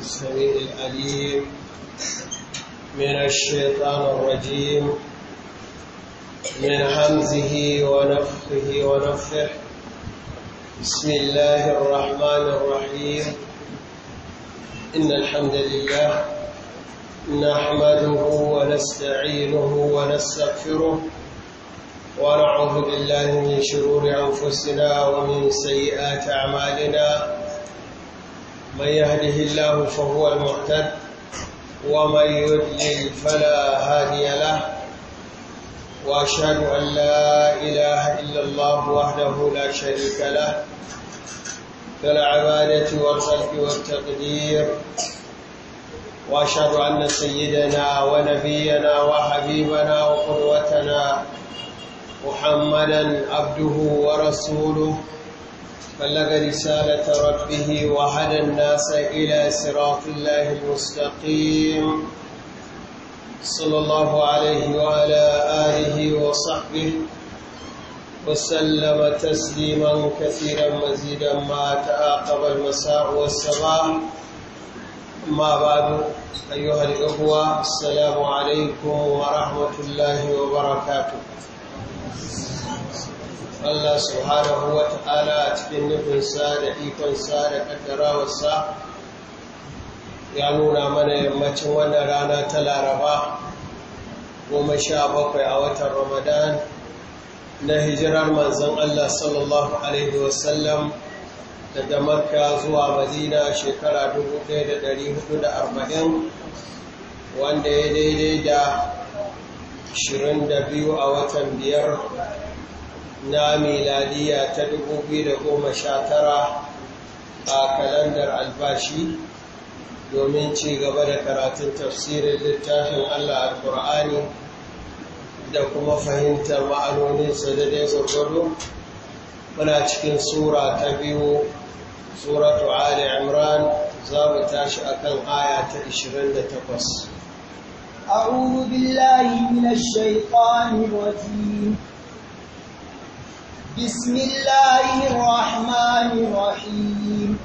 السميع العليم من الشيطان الرجيم من همزه ونفخه ونفخه بسم الله الرحمن الرحيم إن الحمد لله نحمده ونستعينه ونستغفره ونعوذ بالله من شرور أنفسنا ومن سيئات أعمالنا من يهده الله فهو المعتد ومن يضلل فلا هادي له واشهد ان لا اله الا الله وحده لا شريك له كالعباده والخلق والتقدير واشهد ان سيدنا ونبينا وحبيبنا وقدوتنا محمدا عبده ورسوله بلغ رسالة ربه وهدى الناس إلى صراط الله المستقيم صلى الله عليه وعلى آله وصحبه وسلم تسليما كثيرا مزيدا ما تعاقب المساء والصباح أما بعد أيها الأخوة السلام عليكم ورحمة الله وبركاته Allah subhanahu wa ta'ala a cikin nufinsa da ikonsa da kaddarawarsa ya nuna mana yammacin wannan rana ta laraba goma sha bakwai a watan ramadan na hijirar manzan Allah sallallahu Alaihi wasallam daga makka zuwa madina shekara 1440 wanda ya daidai da 22 a watan biyar na miladiya ta 2019 a kalandar albashi domin ci gaba da karatun tafsirin littafin Allah al-Qur'ani da kuma fahimtar ma'anoninsa da dai gado. muna cikin sura ta biyu suratu ali imran za mu tashi kan aya ta 28 أعوذ بالله من الشيطان الرجيم بسم الله الرحمن الرحيم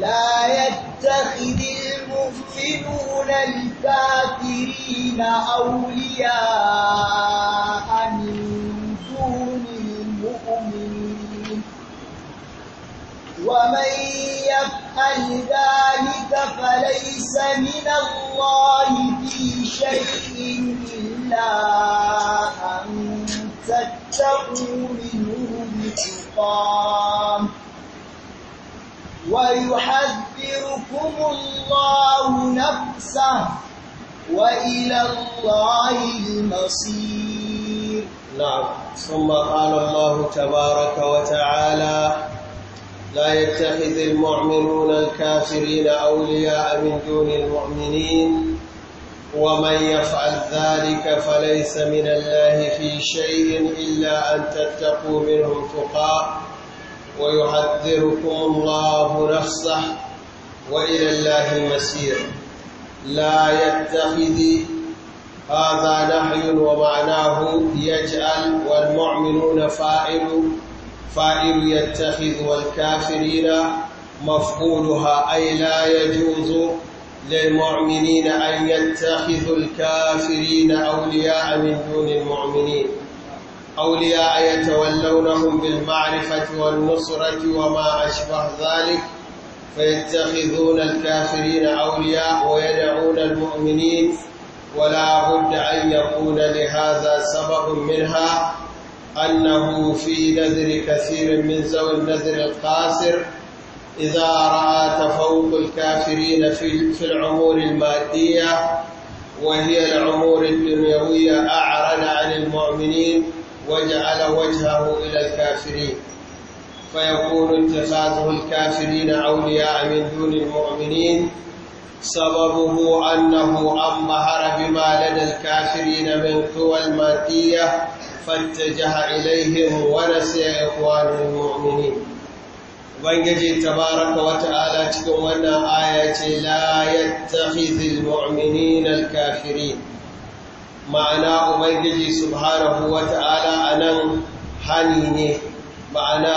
لا يتخذ المؤمنون الكافرين أولياء من دون المؤمنين ومن يفعل ذلك فليس من الله في شيء إلا أن تتقوا منه تقام ويحذركم الله نفسه وإلى الله المصير نعم ثم قال الله تبارك وتعالى لا يتخذ المؤمنون الكافرين أولياء من دون المؤمنين ومن يفعل ذلك فليس من الله في شيء إلا أن تتقوا منهم تقاء ويحذركم الله نفسه وإلى الله المسير لا يتخذ هذا نحي ومعناه يجعل والمؤمنون فاعل فاعل يتخذ والكافرين مفعولها أي لا يجوز للمؤمنين أن يتخذوا الكافرين أولياء من دون المؤمنين أولياء يتولونهم بالمعرفة والنصرة وما أشبه ذلك فيتخذون الكافرين أولياء ويدعون المؤمنين ولا بد أن يكون لهذا سبب منها أنه في نذر كثير من ذوي النذر القاسر إذا رأى تفوق الكافرين في في العمور المادية وهي العمور الدنيوية أعرض عن المؤمنين وجعل وجهه إلى الكافرين فيكون اتخاذه الكافرين أولياء من دون المؤمنين سببه أنه أمهر بما لدى الكافرين من قوى المادية فاتجه إليهم ونسي إخوان المؤمنين ubangiji tabaraka wa ta'ala cikin wannan aya ce la yattakhidhul mu'minina al-kafirin ma'ana ubangiji subhanahu wa ta'ala anan hani ne ma'ana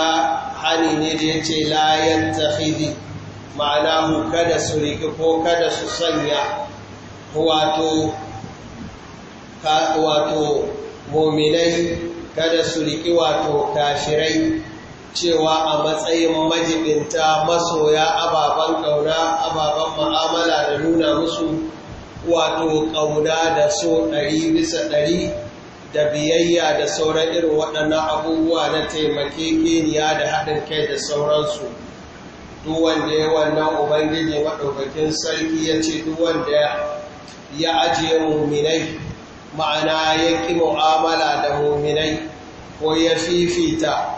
hani ne da yace la yattakhidhu ma'ana mu kada su rike ko kada su sanya wato wato mu'minai kada su rike wato kafirai cewa a matsayin majibinta masoya ababen ƙauna ababen ma'amala da nuna musu wato ƙauna da so ɗari bisa ɗari da biyayya da sauran irin waɗannan abubuwa na taimake, keniya da haɗin kai da sauransu duk wanda ya wannan ubangiji maɗaukakin sarki ya ce duk wanda ya ajiye muminai ma'ana ya ƙi mu'amala da muminai ko ya fifita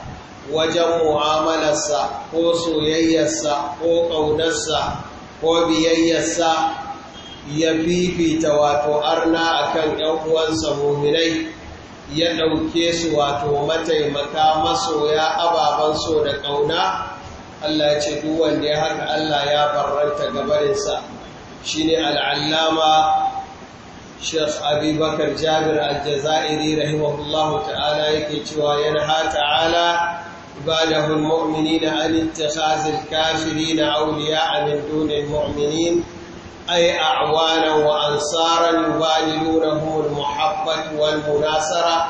wajen mu'amalarsa ko soyayyarsa ko ƙaunarsa ko biyayyarsa ya fifita wato arna akan ‘yan uwansa muminai ya ɗauke su wato mataimaka masoya ababen so da ƙauna Allah ce wanda ya haka Allah ya barranta gabarinsa shi ne al'allama Sheikh Abubakar Jabir al-Jazairi rahimahullahu ta'ala yake cewa yana ta'ala بعده المؤمنين عن اتخاذ الكافرين أولياء من دون المؤمنين أي أعوانا وأنصارا يبادلونهم المحبة والمناصرة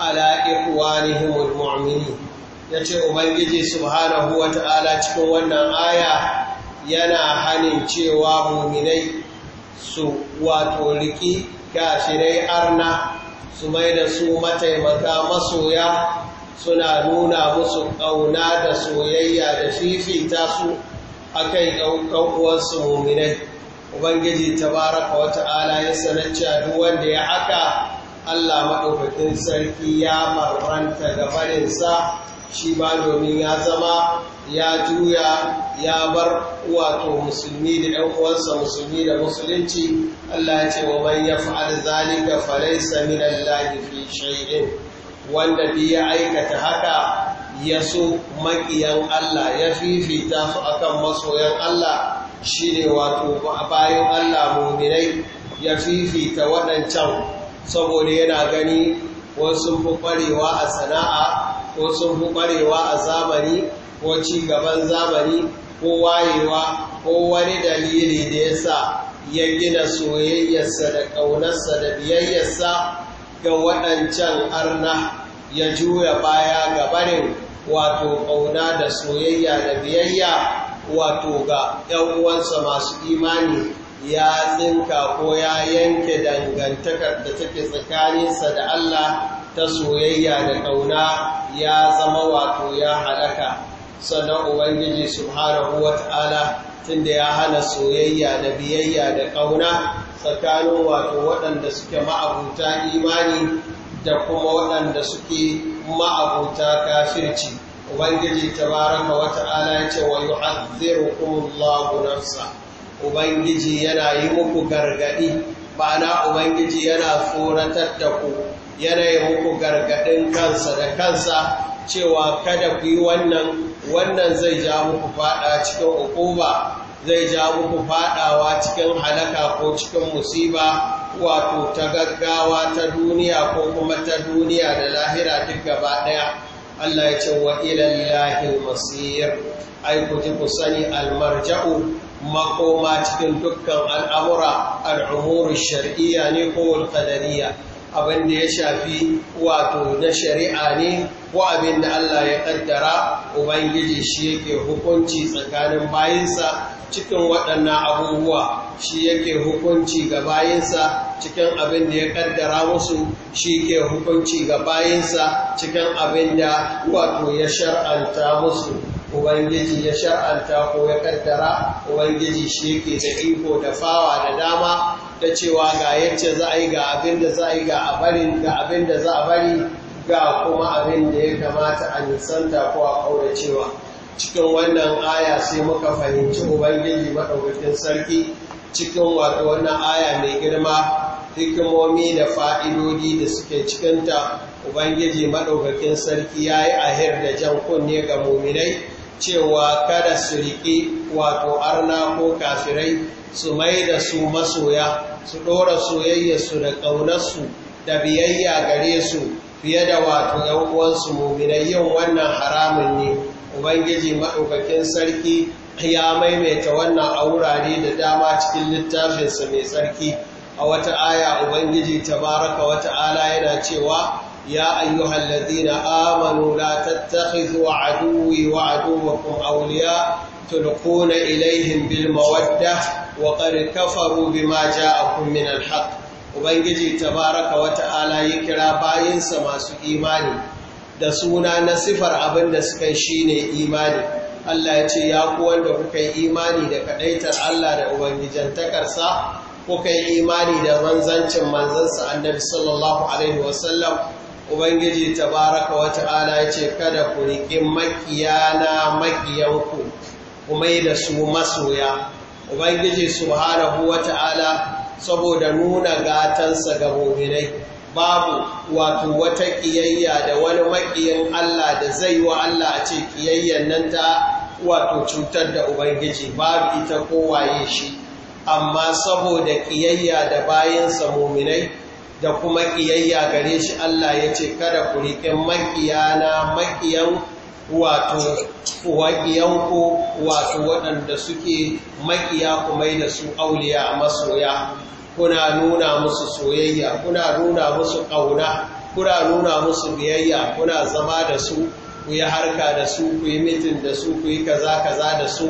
على إخوانهم المؤمنين yace ubangiji subhanahu wata'ala cikin wannan aya yana hanin cewa muminai su wato riki kafirai arna su mai da su mataimaka masoya suna nuna musu ƙauna da soyayya da fifita su a kai ɗaukan'uwansu muminai ubangiji wata ala ya sanarciya duk wanda ya haka allah maɗaukakin sarki ya marranta ga barinsa shi ba domin ya zama ya juya ya bar wato musulmi da ɗan uwansa musulmi da musulunci allah ya ce wa man ya fa'al zalika falaysa min allahi fi shay'in wanda bi ya aikata haka ya so maƙiyan Allah ya fifita su akan masoyan Allah shi ne wato bayan Allah muminai ya fifita waɗancan saboda yana gani wasu fi ƙwarewa a sana'a ko sun fi ƙwarewa a zamani ko ci gaban zamani ko wayewa ko wani dalili da ya sa ya gina soyayyarsa da ƙaunarsa da biyayyarsa ga waɗancan arna ya juya baya ga barin wato ƙauna da soyayya da biyayya wato ga ‘yan uwansa masu imani ya tsinka ko ya yanke dangantakar da take tsakaninsa da Allah ta soyayya da ƙauna ya zama wato ya halaka sannan Ubangiji subhanahu wa ta'ala tun da ya hana soyayya da biyayya da ƙauna tsakanin wato waɗanda suke ma'abuta imani da kuma waɗanda suke ma'abuta kafirci ubangiji tabaraka wata'ala ya ce wa yu'adhdhirukumullahu nafsa ubangiji yana yi muku gargadi ma'ana ubangiji yana tsoratar da ku yana yi muku gargadin kansa da kansa cewa kada ku yi wannan wannan zai ja muku fada cikin hukuma zai ja muku fadawa cikin halaka ko cikin musiba wato ta gaggawa ta duniya ko kuma ta duniya da lahira duk gaba daya Allah ya ce wa ilallahi masir ai ku ji ku sani almarja'u makoma cikin dukkan al'amura al'umuri shar'iyya ne ko qadariyya abin da ya shafi wato na shari'a ne ko abin da Allah ya kaddara ubangiji shi yake hukunci tsakanin bayinsa cikin waɗannan abubuwa shi yake hukunci ga bayansa cikin abin da ya ƙaddara musu shi ke hukunci ga bayansa cikin abin da wato ya shar'anta musu ubangiji ya shar'anta ko ya ƙaddara ubangiji shi yake da iko da fawa da dama Ta cewa ga yacce za a yi ga abin da za a yi ga abin da za a bari ga kuma abin da ya kamata a nisanta ko a ƙauracewa. cewa cikin wannan aya sai muka fahimci ubangiji maɗaukakin sarki cikin wato wannan aya mai girma hikimomi da fa'idodi da suke cikinta ubangiji maɗaukakin sarki ya yi ahir da jan kunne ga muminai cewa kada su riƙi wato arna ko kafirai su mai da su masoya su ɗora soyayyarsu da ƙaunarsu da biyayya gare su fiye da wato ‘yan uwansu muminai yin wannan haramun ne ubangiji maɗaukakin sarki ya maimaita wannan a wurare da dama cikin littafinsa mai sarki a wata aya ubangiji tabaraka wata'ala yana cewa ya ayyuhal ladina amanu la tattakhidhu aduwwi wa aduwwakum awliya tulquna ilayhim bil mawadda wa qad kafaru bima ja'akum min al haqq ubangiji tabaraka wata'ala ya kira bayinsa masu imani da suna na sifar abin da suka shi ne imani Allah ya ce ya ku wanda kuka yi imani da kadaitar Allah da ubangijantakarsa kuka yi imani da manzancin manzansa annabi sallallahu alaihi wasallam ubangiji tabaraka wa ta'ala ya ce kada ku riƙi makiyana makiyanku kuma yi da su masoya ubangiji subhanahu wa ta'ala saboda nuna gatansa ga muminai babu wato wata ƙiyayya da wani maƙiyan Allah da zai wa Allah a ce ƙiyayyan nan ta wato cutar da Ubangiji babu ita kowaye shi amma saboda ƙiyayya da bayansa muminai da kuma ƙiyayya gare shi Allah ya ce kada ku riƙin maƙiyana maƙiyan wato ku wato waɗanda suke maƙiya kuma da su auliya masoya kuna nuna musu soyayya kuna nuna musu ƙauna kuna nuna musu biyayya kuna zama da su ku yi harka da su ku yi mitin da su ku yi kaza kaza da su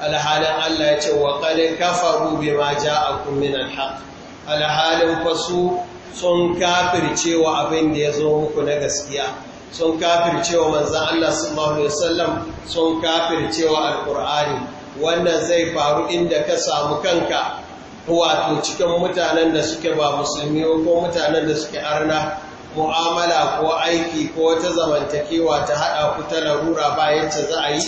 alhalin Allah ya ce wa qad kafaru bima ja'akum min al alhaq. alhalin fasu sun kafirce wa abin da ya zo muku na gaskiya sun kafirce wa Allah sallallahu alaihi wasallam sun kafirce wa alqur'ani wannan zai faru inda ka samu kanka wato cikin mutanen da suke ba musulmi ko mutanen da suke arna mu'amala ko aiki ko wata zamantakewa ta haɗa ku ta larura ba yacce za a yi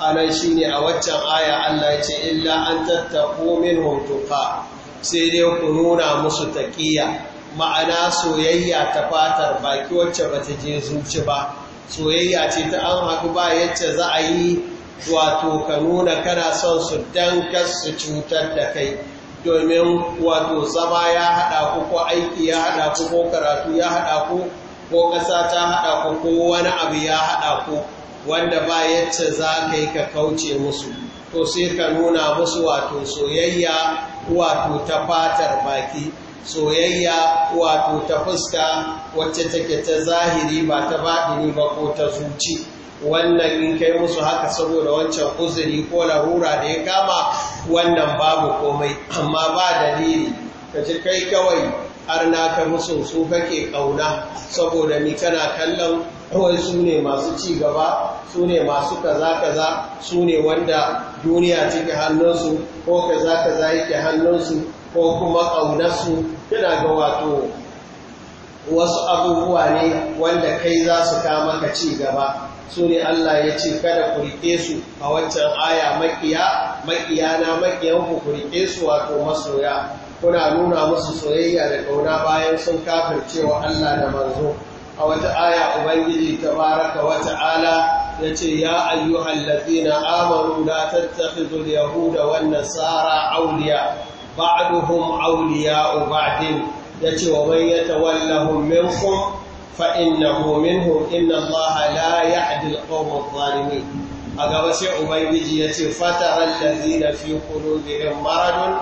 anan shi ne a waccan aya Allah ya ce illa an tattaɓo min hutuka sai dai ku nuna musu taƙiya ma'ana soyayya ta fatar baki wacce ba ta je zuci ba soyayya ce ta an haɗu ba za'a za a yi wato ka nuna kana son su dan su cutar da kai domin wato zama ya haɗa ku ko aiki ya haɗa ku ko karatu ya haɗa ku ko ƙasa ta haɗa ku ko wani abu ya haɗa ku wanda ba yace za ka yi ka kauce musu to sai ka nuna musu wato soyayya wato ta fatar baki soyayya wato ta fuska wacce take ta zahiri ba ta baɗini ba ko ta zuci. wannan in kai musu haka saboda wancan uzuri ko larura da ya kama wannan babu komai amma ba dalili ka ci kai kawai har na ka musu su kake kauna saboda ni kana kallon kawai su ne masu ci su ne masu kaza kaza su ne wanda duniya take hannunsu ko kaza kaza yake hannunsu ko kuma kaunarsu yana ga wato wasu abubuwa ne wanda kai za su kama ka ci gaba su ne Allah ya ce kada ku riƙe su a waccan aya makiya na makiyanku ku riƙe su wato masoya kuna nuna musu soyayya da ƙauna bayan sun kafircewa Allah da manzo a wata aya ubangiji tabaraka wa ta'ala ya ce ya ayyuhal ladina amanu la tattakhidul yahuda wan nasara awliya ba'duhum awliya'u ba'din yace wa man yatawallahum minkum فإنه منهم إن الله لا يعدي القوم الظالمين أقبس عبيدية فترى الذين في قلوبهم مرض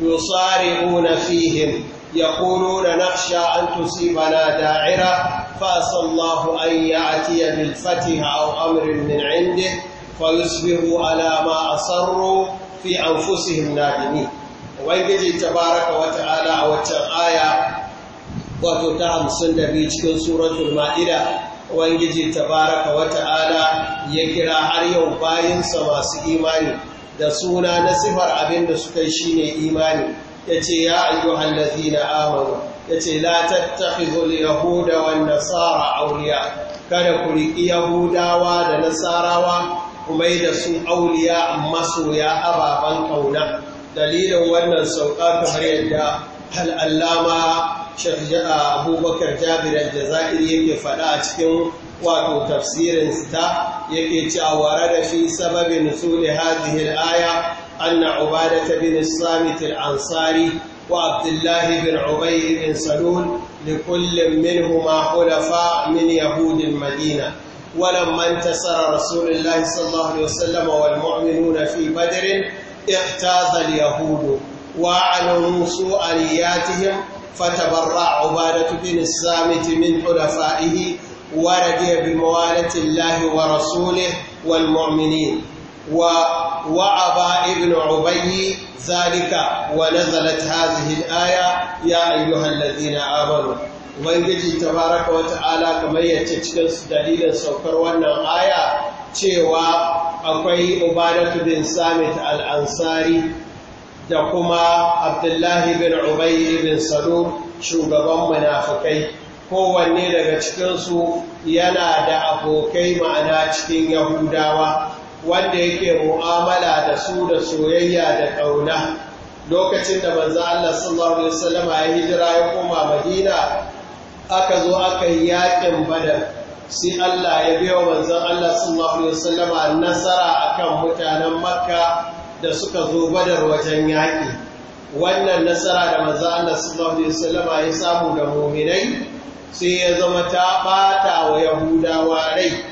يصارعون فيهم يقولون نخشى أن تصيبنا داعرة فأسى الله أن يأتي بالفتح أو أمر من عنده فيصبحوا على ما أصروا في أنفسهم نادمين وإن تبارك وتعالى وتعالى wato ta hamsin da biyu cikin suratul ma'ida ubangiji tabaraka wa ta'ala ya kira har yau bayansa masu imani da suna na sifar abin da suka yi shine imani yace ya na ladina ya yace la tattakhizul yahuda wan nasara awliya kada ku riƙi yahudawa da nasarawa kuma da su auliya masoya ababan kauna dalilin wannan sauka kamar yadda al'allama abubakar jabir al-jazairi yake faɗa a cikin wato tafsirin sita yake cewa rada fi sababin nusuli hadhihi al-aya anna ubadah bin samit al-ansari wa abdullah bin ubay bin salul li kulli minhum hulafa min yahud al-madina wa lam intasar rasulullah sallallahu alaihi wasallam wal mu'minun fi badr ihtaza al-yahud wa 'alamu su'aliyatihim فتبرع عبادة بن الصامت من حلفائه ورضي بموالة الله ورسوله والمؤمنين ووعب ابن عبي ذلك ونزلت هذه الآية يا أيها الذين آمنوا Ubangiji tabaraka wa ta'ala kamar yace cikin su dalilin saukar wannan aya cewa akwai Ubadatu bin Samit al-Ansari da kuma abdullahi bin ubayi bin salo shugaban munafukai kowanne daga cikinsu yana da abokai ma'ana cikin yahudawa wanda yake mu'amala da su da soyayya da ƙauna lokacin da manzo Allah sallallahu alaihi wasallam ya hijira ya koma Madina aka zo aka yi yaƙin Badar sai Allah ya biyo manzo Allah sallallahu alaihi wasallam nasara akan mutanen Makka da suka zo badar wajen yaƙi wannan nasara da manzo Allah sallallahu su laba ya samu da mu'minai sai ya zama ta bata wa yahudawa rai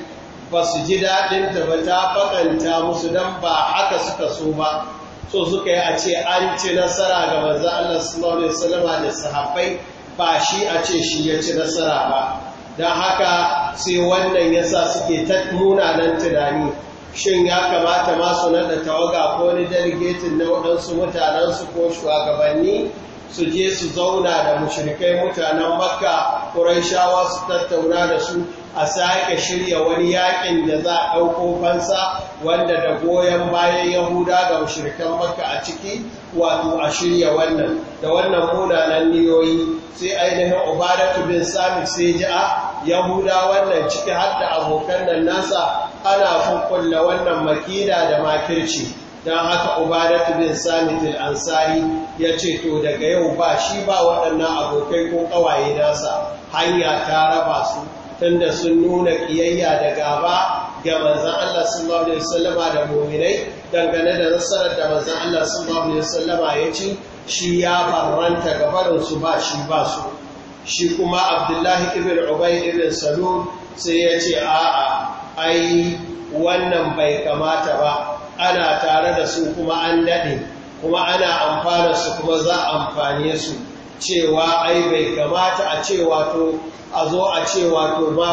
ba su ji daɗinta ba ta faƙanta musu don ba haka suka so ba so suka yi a ce an ci nasara ga manzo Allah sallallahu su laba da sahabbai ba shi a ce shi ya ci nasara ba don haka sai wannan yasa suke ta munanan tunani shin ya kamata masu naɗa tawaga ko ni delegatin na waɗansu mutanensu ko shugabanni su je su zauna da mushrikai mutanen makka shawa su tattauna da su a sake shirya wani yakin da za a ɗauko fansa wanda da goyon bayan yahuda ga mushrikan makka a ciki wato a shirya wannan da wannan munanan niyoyi sai ainihin ubadatu bin samit sai ji a ah, yahuda wannan ciki har da abokan nan nasa ana kunkulla wannan makida da makirci don haka ubadatu bin samit al-ansari ya ce to daga yau ba shi ba waɗannan abokai ko ƙawaye nasa hanya ta raba su tunda sun nuna ƙiyayya da gaba ga manzan Allah sallallahu Alaihi wasallama da muminai, dangane da nasarar da manzan Allah sallallahu Alaihi wasallama ya ci shi ya faranta gabarinsu ba shi ba su shi kuma abdullahi ibn ubay ibn salul sai ya ce a'a ai wannan bai kamata ba ana tare da su kuma an daɗe kuma ana amfana su kuma za a amfane su cewa ai bai kamata a ce wato a zo a ce wato ba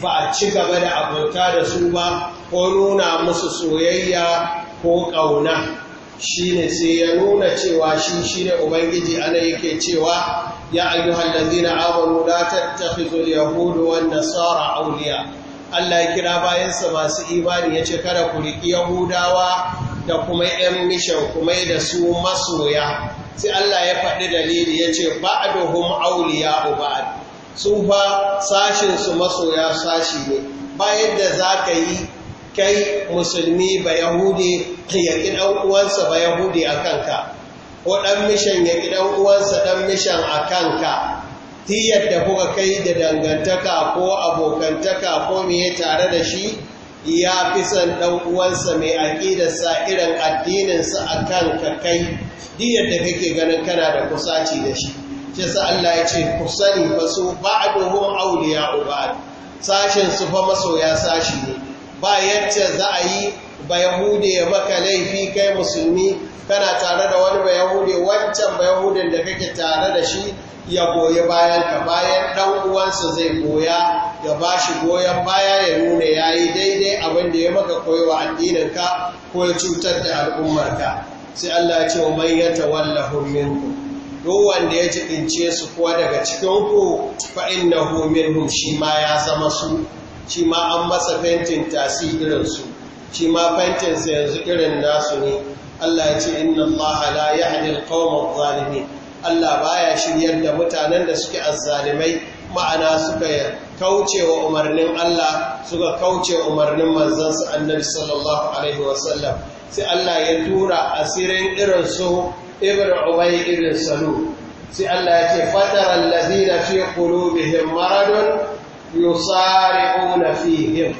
ba a ci gaba da abota da su ba ko nuna musu soyayya ko ƙauna Shi ne sai ya nuna cewa shi shi ne ubangiji ana yake cewa ya ayyuhal ladina amanu la tattakhizul yahuda wan nasara awliya Allah ya kira bayansa masu imani ce kada ku riki yahudawa da kuma yan mishan kuma da su masoya sai Allah ya faɗi dalili yace ba'duhum awliya ba'd su fa sashin su masoya sashi ne bayan da zaka yi kai musulmi ba yahudi ya ki ɗan uwansa ba yahudi a kanka ko ɗan mishan ya ki ɗan uwansa ɗan mishan a kanka tiyar da kuka kai da dangantaka ko abokantaka ko miye tare da shi ya fi son ɗan uwansa mai aƙidarsa irin addininsa a kanka kai diyar da kake ganin kana da kusaci da shi shi sa Allah ya ce ku sani ba su ba'aduhum awliya'u ba'd sashin su fa masoya sashi ne ba yadda za a yi ba yahude ya baka laifi kai musulmi kana tare da wani ba yahude wancan ba yahudin da kake tare da shi ya goyi bayan ka bayan ɗan uwansa zai goya ya ba shi goyon baya ya nuna ya yi daidai abin da ya maka koyowa addininka ko ya cutar da al'ummar ka sai Allah ce wa man ya walla hurminku. duk wanda ya jiɗince su kuwa daga cikin ku fa innahu minhum shi ma ya zama su shi ma an masa fentin tasi irinsu shi ma fentinsa yanzu irin nasu ne Allah ya ce inna Allah la yahdi al-qawma Allah baya shiryar da mutanen da suke azzalimai ma'ana suka kauce wa umarnin Allah suka kauce umarnin manzansa Annabi sallallahu alaihi wasallam sai Allah ya tura asirin irinsu ibn Ubay ibn Salul sai Allah ya ce fatara allazina fi qulubihim maradun yusari'una fihim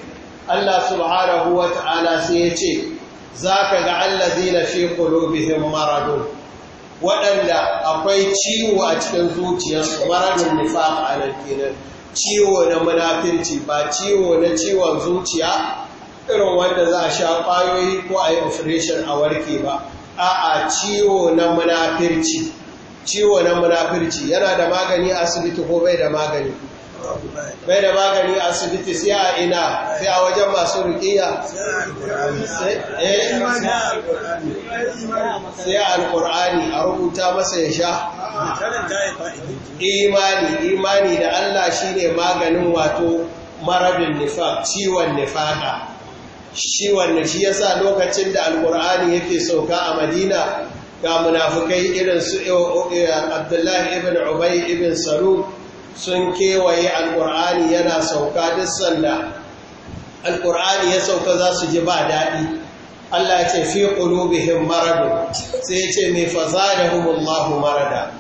Allah subhanahu ta'ala sai ya ce zaka ga allazina fi qulubihim maradun waɗanda akwai ciwo a cikin zuciyarsu maradun nifaq ala kinan ciwo na munafirci ba ciwo na ciwon zuciya irin wanda za a sha kwayoyi ko a yi operation a warke ba a'a ciwo na munafinci ciwo na munafirci yana da magani asibiti ko bai da magani bai da magani a asibiti sai a ina sai a wajen masu rikiya eh, sai a alkur'ani a rubuta masa ya sha imani imani da Allah shi ne maganin wato marabin nifaq ciwon nifaqa ciwon shi ya sa lokacin da alkur'ani yake sauka a Madina ga munafukai irin su eh, eh, Abdullahi ibn ubai ibn Salul sun kewaye alƙur'ani yana sauka duk sanda alƙur'ani ya sauka za su ji ba daɗi Allah ce fi qulubihim maradu sai ya ce mai fazadahumullahu marada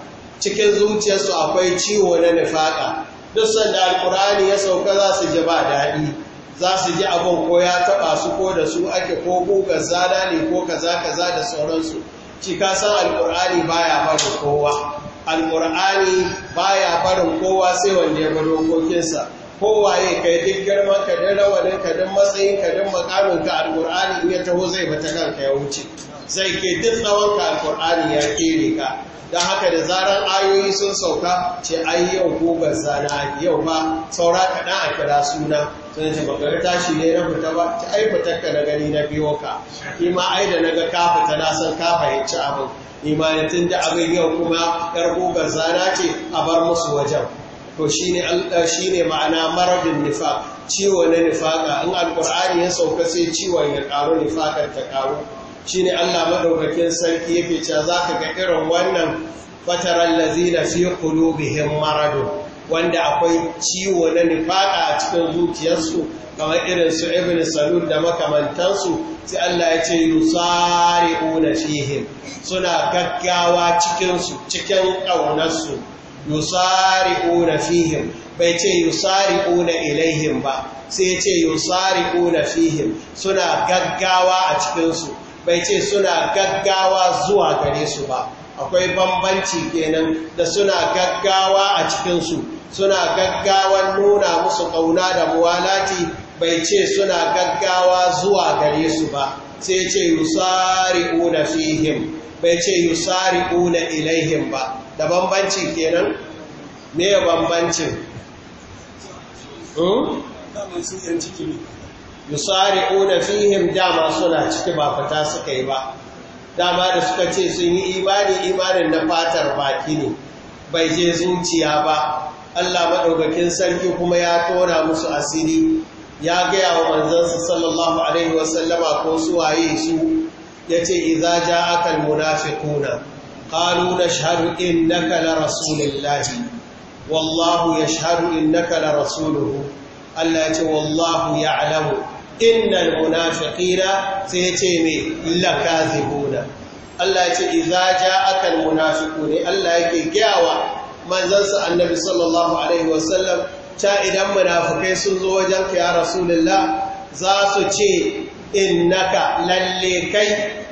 cikin zuciyarsu akwai ciwo na nifaka duk sanda alƙur'ani ya sauka za su ji ba daɗi za su ji abin ko ya taɓa su ko da su ake ko gugar zana ne ko kaza kaza da sauransu cika san alƙur'ani baya bari kowa alƙur'ani baya barin kowa sai wanda ya ga dokokinsa ya kai duk girman ka duk rawanin ka duk matsayin ka duk makamin ka alƙur'ani in ya taho zai bata ka ya wuce zai ke duk tsawon ka alƙur'ani ya kere ka don haka da zarar ayoyi sun sauka ce ai yau gobar zana yau ma saura kaɗan a kira suna sun ce baka tashi ne na fita ba ta ai fitar ka na gani na biyo ka ima ai da na ga ka fita na san ka fahimci abin imanitin da abin yau kuma yar gugar zana ce a bar musu wajen to shi ne eh, ma'ana maradin nifa ciwo na nifaqa in alkur'ani ya sauka sai ciwon ya karu nifaqar ta karu ne Allah madaukakin sarki yake za ka ga irin wannan fataran lazina fi qulubihim maradun wanda akwai ciwo na nifaqa a cikin zuciyarsu kamar irin su ibn salul da makamantansu sai Allah ya ce tsari yusari'una fihim suna gaggawa cikinsu cikin ƙaunarsu yi tsari yusari'una fihim bai ce tsari yusari'una ilaihim ba sai ce yusari'una fihim suna gaggawa a cikinsu bai ce suna gaggawa zuwa gare su ba akwai bambanci kenan da suna gaggawa a cikinsu suna gaggawan nuna musu ƙauna da muwalati bai ce suna gaggawa zuwa gare su ba sai ce una fihim bai ce una ilaihim ba da bambanci kenan me ya yusari una fihim dama suna ciki ba fata suka yi ba dama da suka ce sun yi imani imanin na fatar baki ne bai je zuciya ba Allah maɗaukakin sarki kuma ya tona musu asiri ya gaya wa manzansa sallallahu alaihi wasallama ko suwaye su ya ce iza ja akal munafiquna qalu na innaka la rasulillahi wallahu yashhadu innaka la rasuluhu Allah ya ce wallahu ya'lamu innal munafiqina sai ya ce me lakazibuna Allah ya ce iza ja akal munafiquna Allah ya ke gaya wa manzansa annabi sallallahu alaihi wasallam ca idan munafukai sun zo wajen ka ya rasulullah za su ce innaka lalle kai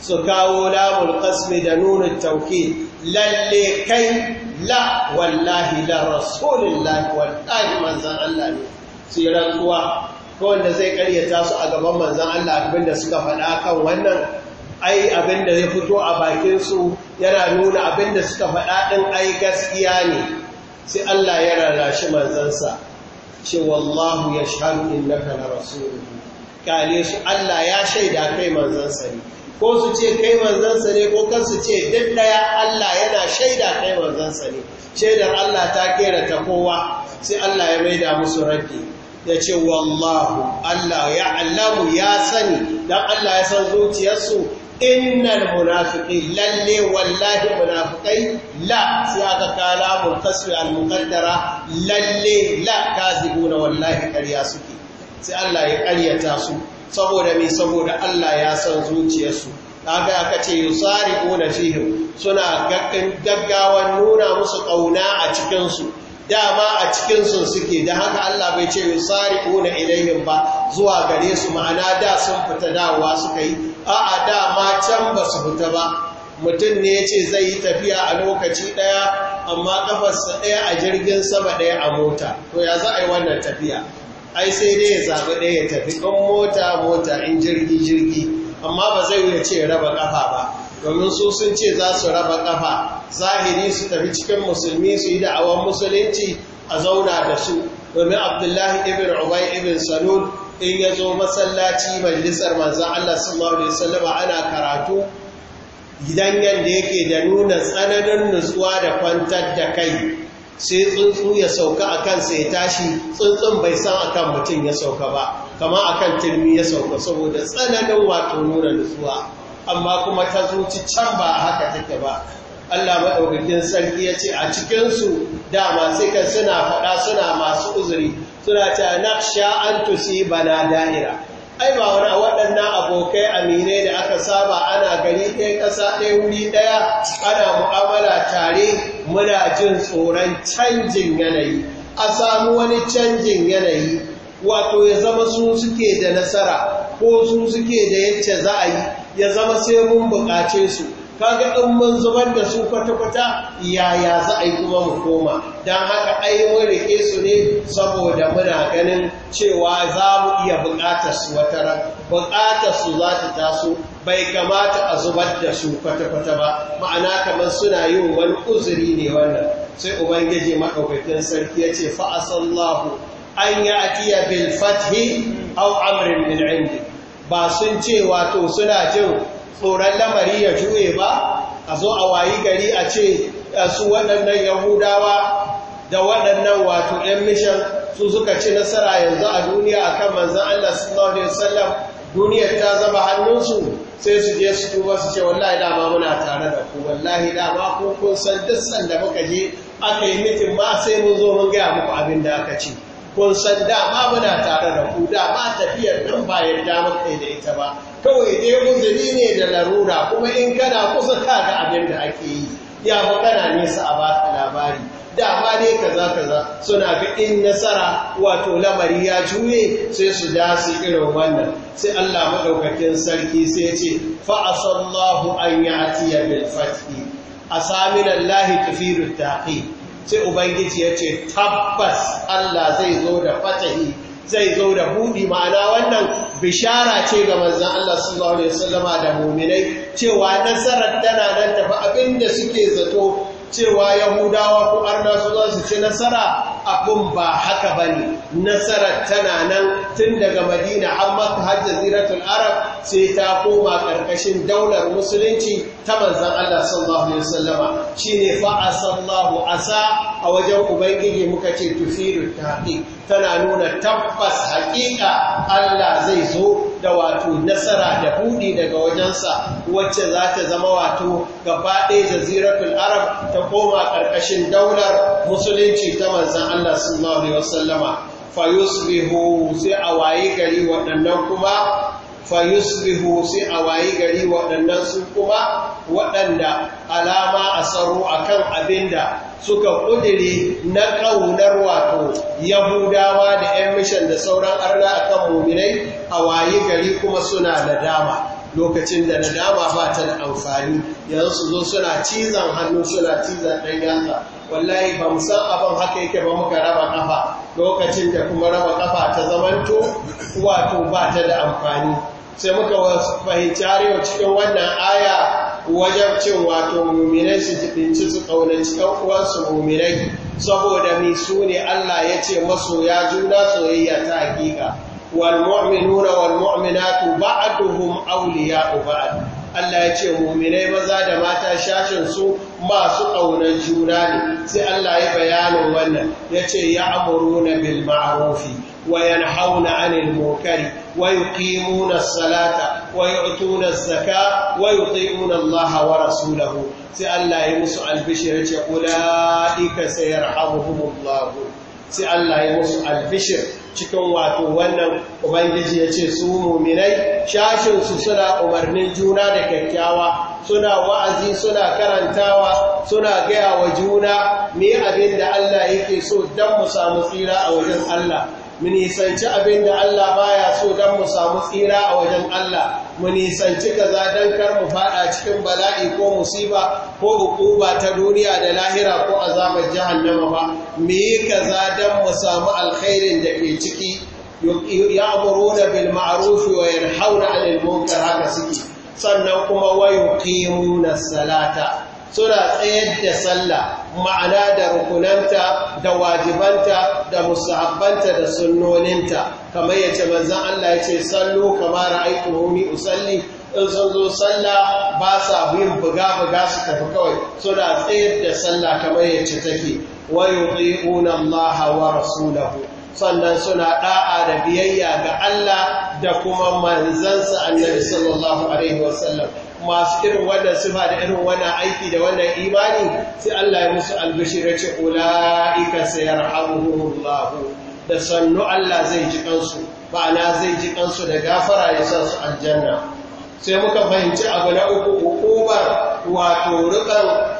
su kawo namun kasmi da nunin tauke lalle kai la wallahi la rasulullah wallahi manzan Allah ne su yi rantsuwa kowanda zai karyata su a gaban manzan Allah abinda suka faɗa kan wannan ai abinda ya fito a bakinsu yana nuna abinda suka faɗa ɗin ai gaskiya ne sai Allah ya rarashi manzansa ce wallahu ya shahadu innaka na rasuluhu kale su Allah ya shaida kai manzansa ne ko su ce kai manzansa ne ko kansu ce duk daya Allah yana shaida kai manzansa ne shaidar Allah ta kera ta kowa sai Allah ya da musu raddi ya ce wallahu Allah ya alamu ya sani don Allah ya san zuciyarsu innal munafiqi lalle wallahi munafiqai la sai aka kalamun kasri al muqaddara lalle la kazibuna wallahi ƙarya suke sai Allah ya ƙaryata su saboda me saboda Allah ya san zuciyarsu kaga aka ce yusariquna fihim suna gaggawan nuna musu kauna a cikin su dama a cikinsu suke da haka Allah bai ce yusari na ilayhim ba zuwa gare su ma'ana da sun fita dawowa suka yi a'a dama can ba su fita ba mutum ne ya ce zai yi tafiya a lokaci ɗaya amma ƙafarsa ɗaya a jirgin sama ɗaya a mota to ya za a yi wannan tafiya ai sai dai ya zaɓi ɗaya ya tafi Ɗan mota mota in jirgi jirgi amma ba zai wuya ce raba ƙafa ba domin su sun ce za su raba ƙafa zahiri su tafi cikin musulmi su yi da'awar musulunci a zauna da su domin abdullahi ibn ubai ibn salul in ya zo masallaci majalisar manzan Allah sallallahu Alaihi wasallama ana karatu gidan yadda yake da nuna tsananin nutsuwa da kwantar da kai sai tsuntsu ya sauka a kansa ya tashi tsuntsun bai san akan mutum ya sauka ba kama akan turmi ya sauka saboda tsananin wato nuna nutsuwa amma kuma ta zuci can ba a haka take ba Allah maɗaukakin sarki ya ce a cikinsu dama suka suna faɗa suna masu uzuri suna ta na sha’an tusi bana da'ira ai ba wani waɗannan abokai amine da aka saba ana gani ɗaya ƙasa ɗaya wuri ɗaya ana mu'amala tare muna jin tsoron canjin yanayi a samu wani canjin yanayi wato ya zama su suke da nasara ko su suke da yacce za a yi ya zama sai mun buƙace su kaga in mun zubar da su kwata-kwata yaya za a yi kuma mu koma don haka ai mun rike su ne saboda muna ganin cewa za mu iya buƙatar su wata ran buƙatar su za ta taso bai kamata a zubar da su kwata-kwata ba ma'ana kamar suna yin wani uzuri ne wannan sai ubangiji maɗaukakin sarki ya ce fa'asallahu an yi atiya bil fathi au amrin min indi ba sun ce wato suna jin tsoron lamari ya juye ba a zo a wayi gari a ce su waɗannan yahudawa da waɗannan wato ‘yan mishan su suka ci nasara yanzu a duniya a kan manzan Allah sallallahu Alaihi wasallam duniyar ta zama hannunsu sai su je su tuba su ce wallahi dama muna tare da ku wallahi dama ku kun san duk sanda muka je aka yi mitin ma sai mun zo mun gaya muku abin da aka ce kun san dama muna tare da ku ba tafiyar nan ba yadda muka da ita ba kawai ɗaya guzuri ne da larura kuma in kana kusa ka ga abin da ake yi ya fi kana nesa a baka labari Dama ne dai kaza kaza suna ga in nasara wato lamari ya juye sai su da su irin wannan sai Allah madaukakin sarki sai ya ce fa asallahu an ya'tiya bil fathi asaminallahi kafiru taqi sai ubangiji ya ce tabbas Allah zai zo da fatahi zai zo da buɗi ma'ana wannan bishara ce ga manzan Allah sallallahu Alaihi wasallama da muminai cewa nasarar tana nan tafi abinda suke zato cewa yahudawa ko arna su za su ci nasara abun ba haka ba ne nasarar tana nan tun daga madina har maka har jaziratul arab sai ta koma ƙarƙashin daular musulunci ta manzan allah sallallahu alaihi wasallama shi ne fa'asallahu asa a wajen ubangiji muka ce tufiru taƙi tana nuna tabbas haƙiƙa allah zai zo da wato nasara da buɗi daga wajensa wacce za ta zama wato gaba ɗaya jaziratul arab ta koma ƙarƙashin daular musulunci ta manzan Allah sallallahu alaihi wasallama fa yusbihu sai a wayi gari waɗannan kuma fa yusbihu sai a wayi gari waɗannan su kuma waɗanda alama a tsaro akan abinda suka ƙudiri na ƙaunar wato yahudawa da ‘yan mishan da sauran arna akan muminai a wayi gari kuma suna da dama, lokacin da nadama ba ta da amfani yanzu su zo suna cizon hannu suna cizon ɗan yatsa wallahi ba mu san abin haka yake ba muka raba kafa lokacin da kuma raba kafa ta zamanto wato ba ta da amfani sai muka fahimci arewa cikin wannan aya wajen cin wato muminai su jibinci su kaunaci ɗan uwansu muminai saboda mai su ne Allah ya ce masoya juna soyayya ta hakika wal mu'minuna wal mu'minatu ba'aduhum awliya'u ba'd Allah ya ce muminai maza da mata shashinsu masu ƙaunar juna ne sai Allah ya bayanin wannan ya ce ya amuru na bilma'arufi wa yanhauna anil munkari wa yuqimuna as-salata wa yu'tuna az-zaka wa yuti'una Allah wa rasulahu sai Allah ya musu albishi ya ce ulaika sayarhamuhumullahu sai Allah ya musu albishir cikin wato wannan ubangiji ya ce su muminai shashinsu suna umarnin juna da kyakkyawa suna wa'azi suna karantawa suna gaya wa juna me abin da Allah yake so don mu samu tsira a wajen Allah mu nisanci abin da Allah baya so don mu samu tsira a wajen Allah mu nisanci kaza don kar mu fada cikin bala'i ko musiba ko hukuma ta duniya da lahira ko azabar nama ba mu yi kaza don mu samu alkhairin da ke ciki ya'muruna bil bilma'arufi wa yanhauna 'anil munkar haka suke sannan kuma wa yuqimuna salata suna tsayar da sallah ma'ana da rukunanta da wajibanta da musahabbanta da sunnoninta kamar yace manzon Allah yace sallu kama ra'aytumuni usalli in sun zo sallah ba sa yin buga-buga su tafi kawai suna tsayar da sallah kamar yacce take wa yuti'una Allah wa rasulahu sannan suna da'a da biyayya ga Allah da kuma manzansa Annabi sallallahu alaihi sallam masu irin wannan sifa da irin wannan aiki da wannan imani sai Allah ya musu albishir ya ce ulaika sayarhamuhumullahu da sannu Allah zai ji kansu na zai ji kansu da gafara ya sa su aljanna sai muka fahimci abu na uku hukumar wato rikar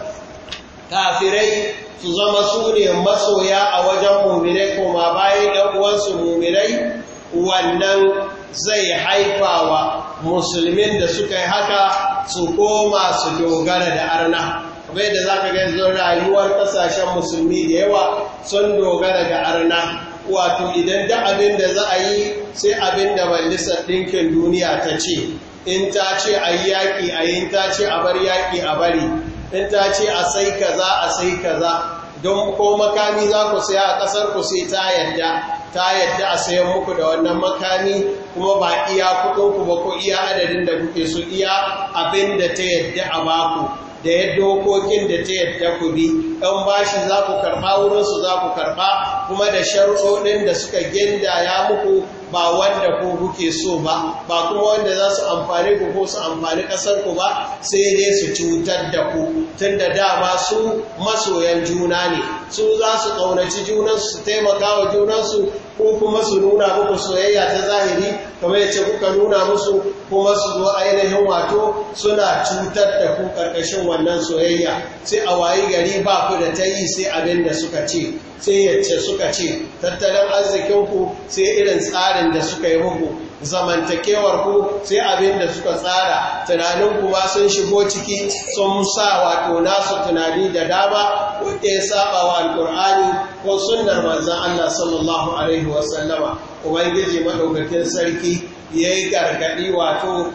kafirai su zama su ne masoya a wajen mumirai koma bayan ɗan uwansu wannan zai wa musulmin da suka yi haka su koma su dogara da arna bai da za ka don rayuwar ƙasashen musulmi da yawa sun dogara da arna wato idan da abin da za a yi sai abin da majalisar ɗinkin duniya ta ce in ta ce a yi yaƙi a yi ta ce a bar yaƙi a bari in ta ce a sai kaza a sai kaza don ko makami za ku saya a ƙasar ku sai ta yadda ta yadda a sayan muku da wannan makami kuma ba iya kuɗinku ba ko iya adadin da kuke su iya abin da ta yadda a baku da ya dokokin da ta yadda ku bi ɗan bashi za ku karɓa wurinsu za ku karɓa kuma da sharɗoɗin da suka ginda muku ba wanda ko kuke so ba ba kuma wanda za su amfani ku ko su amfani ƙasar ku ba sai dai su cutar da ku Tun da, dama su masoyan juna ne su za su ƙaunaci junansu su taimaka wa junansu ko kuma su nuna muku soyayya ta zahiri kamar yace kuka nuna musu kuma su zo ainihin wato suna cutar da ku ƙarƙashin wannan soyayya sai a wayi gari ba ku da ta yi sai abin da suka ce sai yace suka ce tattalin arzikinku sai irin tsari tsarin da suka yi muku zamantakewar ku sai abin da suka tsara tunanin ku ba sun shigo ciki sun sa wato nasu tunani da dama wanda ya saba wa alkur'ani ko sunnar manzon Allah sallallahu alaihi wasallama ubangiji madaukakin sarki ya yi gargaɗi wato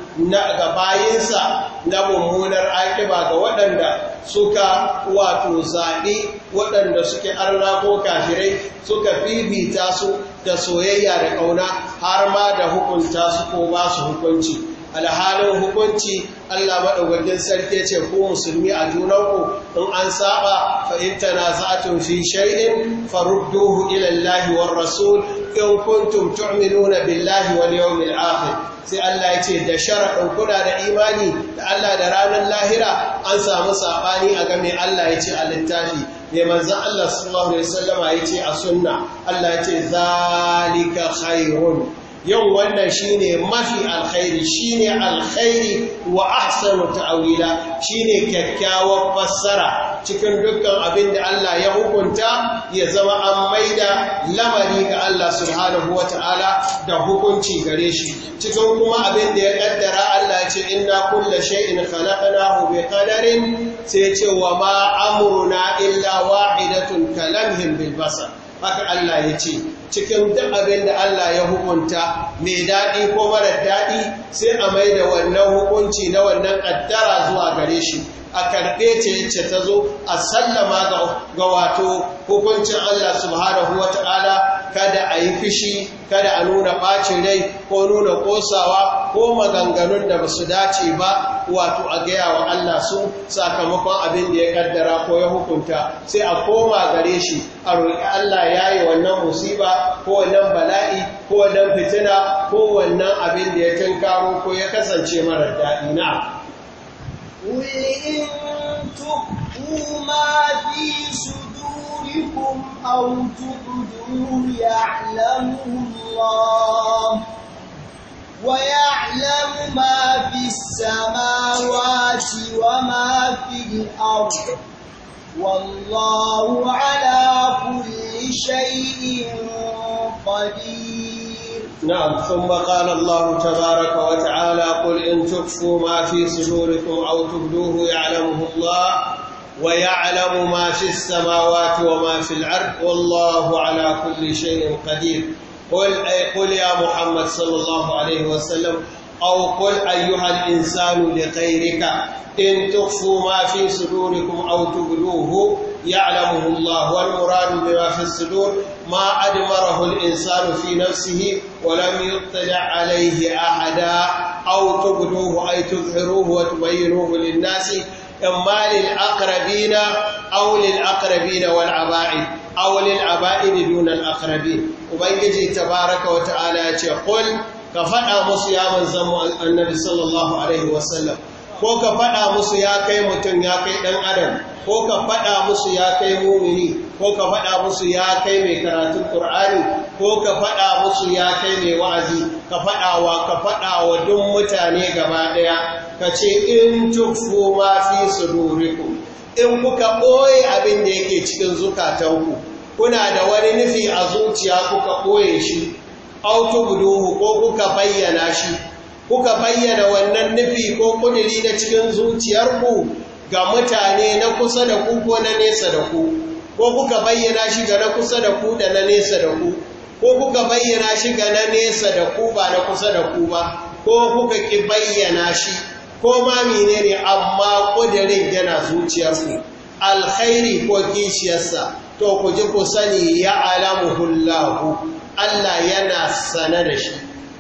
ga bayinsa na mummunar akiba ga waɗanda suka wato zaɓi waɗanda suke arna ko kafirai suka bibita su da soyayya da ƙauna har ma da hukunta su ko ba su hukunci alhalin hukunci Allah maɗaukakin sarki ce ko musulmi a junanku in an saba fa in tanaza'tum fi shay'in farudduhu ila Allah war rasul in kuntum tu'minuna billahi wal yawmil akhir sai Allah ya ce da sharadin kuna da imani da Allah da ranar lahira an samu saɓani a game Allah ya ce a littafi ne manzan Allah sallallahu Alaihi wasallama ya ce a sunna Allah ya ce zalika khairun yin wannan shine mafi alkhairi shine alkhairi wa ahsanu ta'wila shine kyakkyawar fassara cikin dukkan abin da Allah ya hukunta ya zama an maida lamari ga Allah subhanahu ta'ala da hukunci gare shi cikin kuma abin da ya kaddara Allah ya ce inna kulla shay'in khalaqnahu bi qadarin sai ya ce wa ma amruna illa wahidatun kalamhim bil basar haka Allah ya ce cikin duk abin da Allah ya hukunta mai daɗi ko mara daɗi sai a mai da wannan hukunci na wannan ƙaddara zuwa gare shi a karɓe ce yace ta zo a sallama ga wato hukuncin Allah subhanahu wa ta'ala kada a yi fishi kada a nuna ɓacin rai ko nuna ƙosawa ko maganganun da ba su dace ba wato a gaya wa Allah su sakamakon abin da ya kaddara ko ya hukunta sai a koma gare shi a roƙi Allah ya yi wannan musiba ko wannan bala'i ko wannan fitina ko wannan abin da ya tunkaro ko ya kasance marar daɗi na Wuli in fi su بكم أو تبدوه يعلمه الله ويعلم ما في السماوات وما في الأرض والله على كل شيء قدير نعم ثم قال الله تبارك وتعالى قل إن تخفوا ما في صدوركم أو تبدوه يعلمه الله ويعلم ما في السماوات وما في الارض والله على كل شيء قدير قل أي قل يا محمد صلى الله عليه وسلم أو قل أيها الإنسان لغيرك إن تخفوا ما في صدوركم أو تبدوه يعلمه الله والمراد بما في الصدور ما أدمره الإنسان في نفسه ولم يطلع عليه أحدا أو تبدوه أي تظهروه وتبينوه للناس imma lil aqrabina aw lil aqrabina wal aba'id aw lil aba'id dun al aqrabin ubangiji tabaaraka wa ta'ala ya ce qul ka faɗa musu ya manzon annabi sallallahu alaihi wasallam ko ka faɗa musu ya kai mutum ya kai ɗan adam ko ka faɗa musu ya kai mu'mini ko ka faɗa musu ya kai mai karatun Kur'ani ko ka faɗa musu ya kai mai wa'azi ka faɗawa ka faɗawa duk mutane gaba ɗaya ka ce in tufu ma fi ku. in kuka ɓoye abin da yake cikin zukatanku kuna da wani nufi a zuciya kuka ɓoye shi autobuduhu ko kuka bayyana shi kuka bayyana wannan nufi ko kudiri na cikin zuciyarku ga mutane na kusa da ku ko na nesa da ku ko kuka bayyana shi ga na kusa da ku da na nesa da ku ko kuka bayyana shi ga na nesa da ku ba na kusa da ku ba ko kuka ki bayyana shi ko ma menene amma kudirin yana zuciyarsu alkhairi ko kishiyarsa to ku ji ku sani ya hulahu. Allah yana sane da shi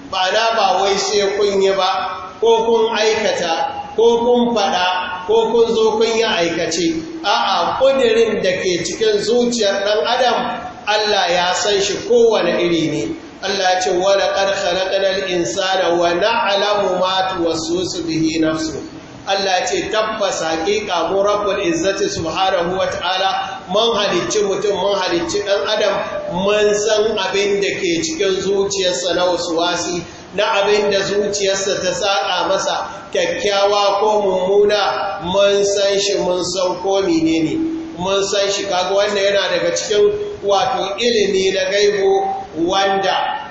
ba na ba wai sai kun yi ba ko kun aikata ko kun faɗa ko kun zo kun yi aikace a'a ƙudirin da ke cikin zuciyar ɗan adam Allah ya san shi kowane iri ne Allah ya ce wala qad khalaqnal insana wa na'lamu ma tuwaswisu bihi nafsu Allah ya ce tabbas haƙiƙa mu rabbul izzati subhanahu ta'ala mun halicci mutum mun halicci ɗan adam mun san abin da ke cikin zuciyarsa na wasu wasi na abin da zuciyarsa ta saƙa masa kyakkyawa ko mummuna mun san shi mun san mine ne mun san shi kaga wannan yana daga cikin wato ilimi na gaibu wanda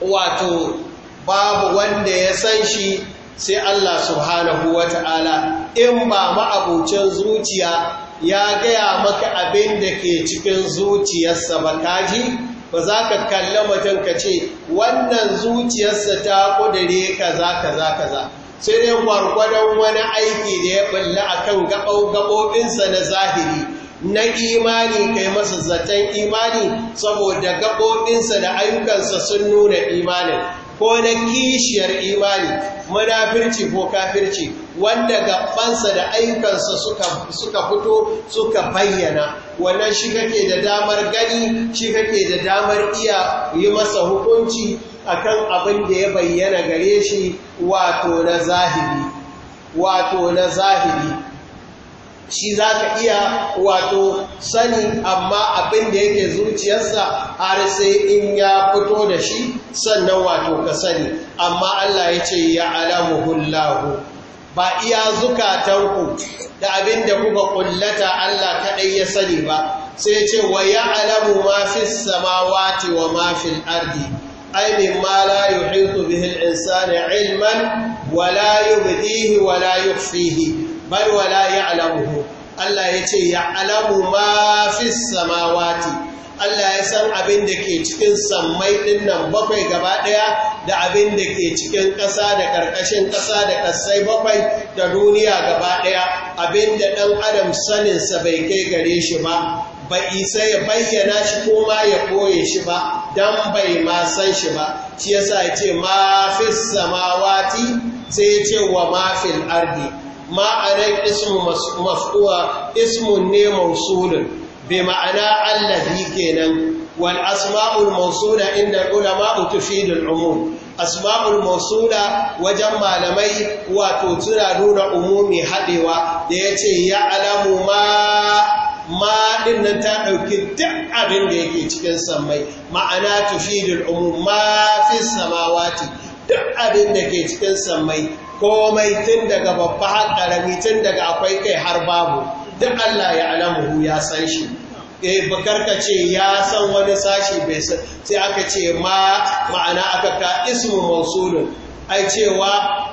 wato babu wanda ya san shi sai Allah subhanahu wa ta'ala in ba ma'abucin zuciya ya gaya maka abin da ke cikin zuciyarsa ba kaji ba za ka kalla mutum ka ce wannan zuciyarsa ta ƙudure kaza kaza kaza sai dai gwargwadon wani aiki da ya bulla a kan gabobinsa na zahiri na imani kai masa zaton imani saboda gabobinsa da ayyukansa sun nuna imanin ko na kishiyar imani munafirci ko kafirci wanda gabansa da ayyukansa suka fito suka bayyana wannan shi kake da damar gani shi kake da damar iya yi masa hukunci akan abin da ya bayyana gare shi wato na zahiri wato na zahiri shi za ka iya wato sani amma abin da yake zuciyarsa har sai in ya fito da shi sannan wato ka sani amma Allah ya ce ya alamuhullahu ba iya zukatanku da abin da kuka kullata Allah kaɗai ya sani ba sai ce wa ya alamu mafi samawati wa mafin ardi ai ma la yuhitu bihil insani ilman wala la yubdihi wa bal wala ya'lamuhu Allah ya ce ya'lamu ma fis samawati Allah ya san abin da ke cikin sammai din bakwai gaba daya da abin da ke cikin ƙasa da ƙarƙashin ƙasa da ƙasai bakwai da duniya gaba daya abin da ɗan adam sanin sa bai kai gare shi ba ba isa ya bayyana shi ko ma ya koye shi ba dan bai ma san shi ba shi yasa ya ce ma fis samawati sai ya ce wa ma fil ardi ma anan ismu maf'uwa ismu ne mausulun bi ma'ana allazi kenan wal asma'ul mausula inda ulama'u tufidul umum asma'ul mausula wajen malamai wato suna nuna umumi haɗewa da yace ya alamu ma ma nan ta ɗauki duk abin da yake cikin sammai ma'ana tufidul umum ma fi samawati duk abin da ke cikin sammai komai tun daga babba har ƙarami tun daga akwai kai har babu duk Allah ya alamu ya san shi eh bakarka ce ya san wani sashi bai san sai aka ce ma ma'ana aka ka ismu mausulun ai cewa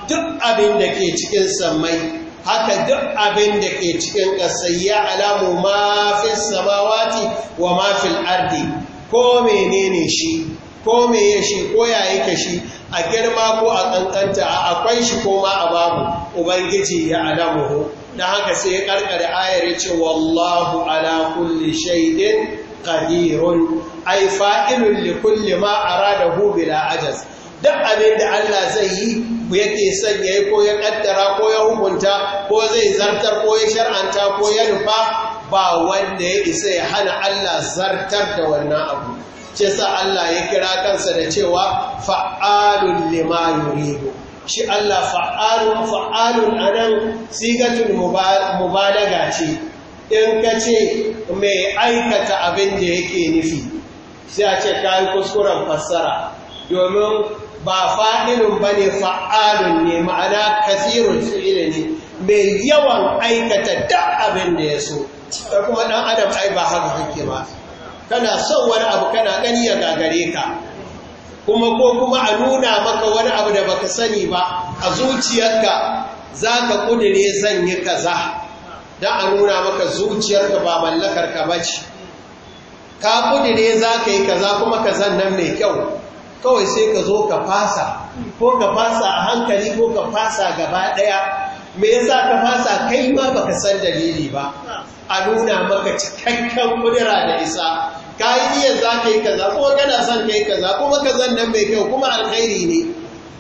duk abin da ke cikin samai, haka duk abin da ke cikin ƙasai ya alamu ma fi samawati wa ma fil ardi ko menene shi ko meye shi ko ya yake shi a girma ko a kankanta a akwai shi ko ma a babu ubangiji ya alamuhu na haka sai ya karkare ayar ya ce wallahu ala kulli shay'in qadirun ay fa'ilun li kulli ma aradahu bila ajaz duk abin da Allah zai yi yake son yayi ko ya ƙaddara ko ya hukunta ko zai zartar ko ya shar'anta ko ya nufa ba wanda ya isa ya hana Allah zartar da wannan abu ce sa Allah ya kira kansa da cewa fa'alun lima yuridu shi Allah fa'alun fa'alun anan sigatun mubalaga ce in ka ce mai aikata abin da yake nufi sai a ce kayi kuskuren fassara domin ba fa'ilun ba ne fa'alun ne ma'ana kasirun ila ne mai yawan aikata duk abin da ya so kuma ɗan adam ai ba haka hake ba kana son wani abu kana gani ya gagare ka kuma ko kuma a nuna maka wani abu da baka sani ba a zuciyarka za ka ƙudire zan yi kaza don a nuna maka zuciyarka ba mallakarka ba ce ka ƙudire za ka yi kaza kuma ka zan nan mai kyau kawai sai ka zo ka fasa ko ka fasa a hankali ko ka fasa gaba ɗaya me yasa ka fasa kai ma baka san dalili ba a nuna maka cikakken kudura da isa ka yi iya za ka yi kaza kuma kana son ka yi kaza kuma ka zan nan mai kyau kuma alkhairi ne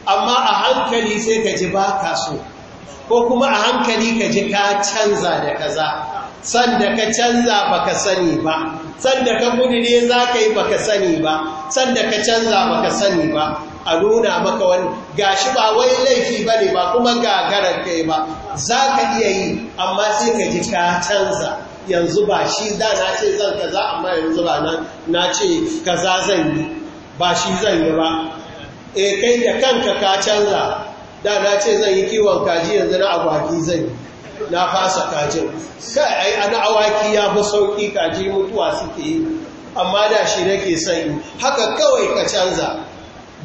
amma a hankali sai ka ji ba ka so ko kuma a hankali ka ji ka canza da kaza sanda ka canza ba ka sani ba sanda ka kudure za ka yi ba ka sani ba sanda ka canza ba ka sani ba a nuna maka wani gashi ba wai laifi ba ne ba kuma gagarar kai ba za ka iya yi amma sai ka ji ka canza yanzu ba shi da na ce zan kaza amma yanzu ba nan na ce kaza zan yi ba shi zan yi ba e kai da kanka ka canza da na ce zan yi kiwon kaji yanzu na agwaki zan yi na fasa kajin kai ai ana awaki ya fi sauki kaji mutuwa suke yi amma da shi nake son yi haka kawai ka canza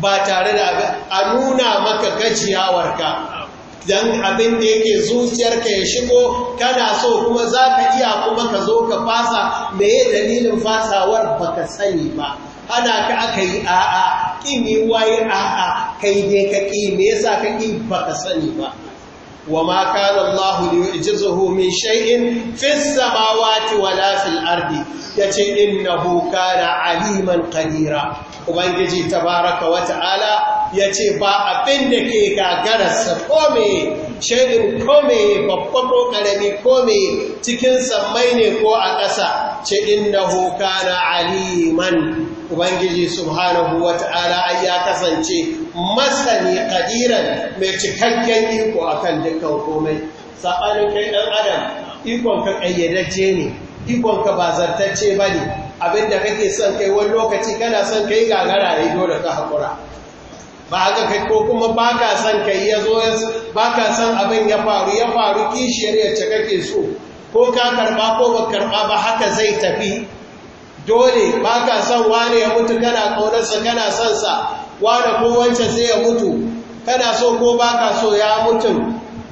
ba tare da a nuna maka gajiyawarka don abin da yake zuciyarka ya shigo kana so kuma za ka iya kuma ka zo ka fasa meye dalilin fasawar baka sani ba ana ka aka yi a'a ƙimi waye a'a kai dai ka ƙi me yasa ka ƙi baka sani ba wa ma kana Allah li yu'jizuhu min shay'in fis samawati wala fil ardi yace innahu kana aliman qadira ubangiji tabaaraka wa ta'ala ya ce ba abin da ke gagararsa kome shaidin kome babban ko ƙarami kome cikin sammai ne ko a ƙasa ce inda huka na aliman ubangiji subhanahu wa ta'ala a ya kasance masani ƙadiran mai cikakken iko a kan dukkan komai saɓanin kai ɗan adam ikonka ƙayyadajje ne ikonka ba zartacce ba ne abinda kake son kai wani lokaci kana son kai gagara ne dole ka haƙura ba ga kai ko kuma ba ka san kai ya zo ba ka san abin ya faru ya faru kishiyar ce kake so ko ka karɓa ko ba karba ba haka zai tafi dole ba ka san wane ya mutu kana ƙaunarsa kana son sa wane ko wancan sai ya mutu kana so ko ba ka so ya mutu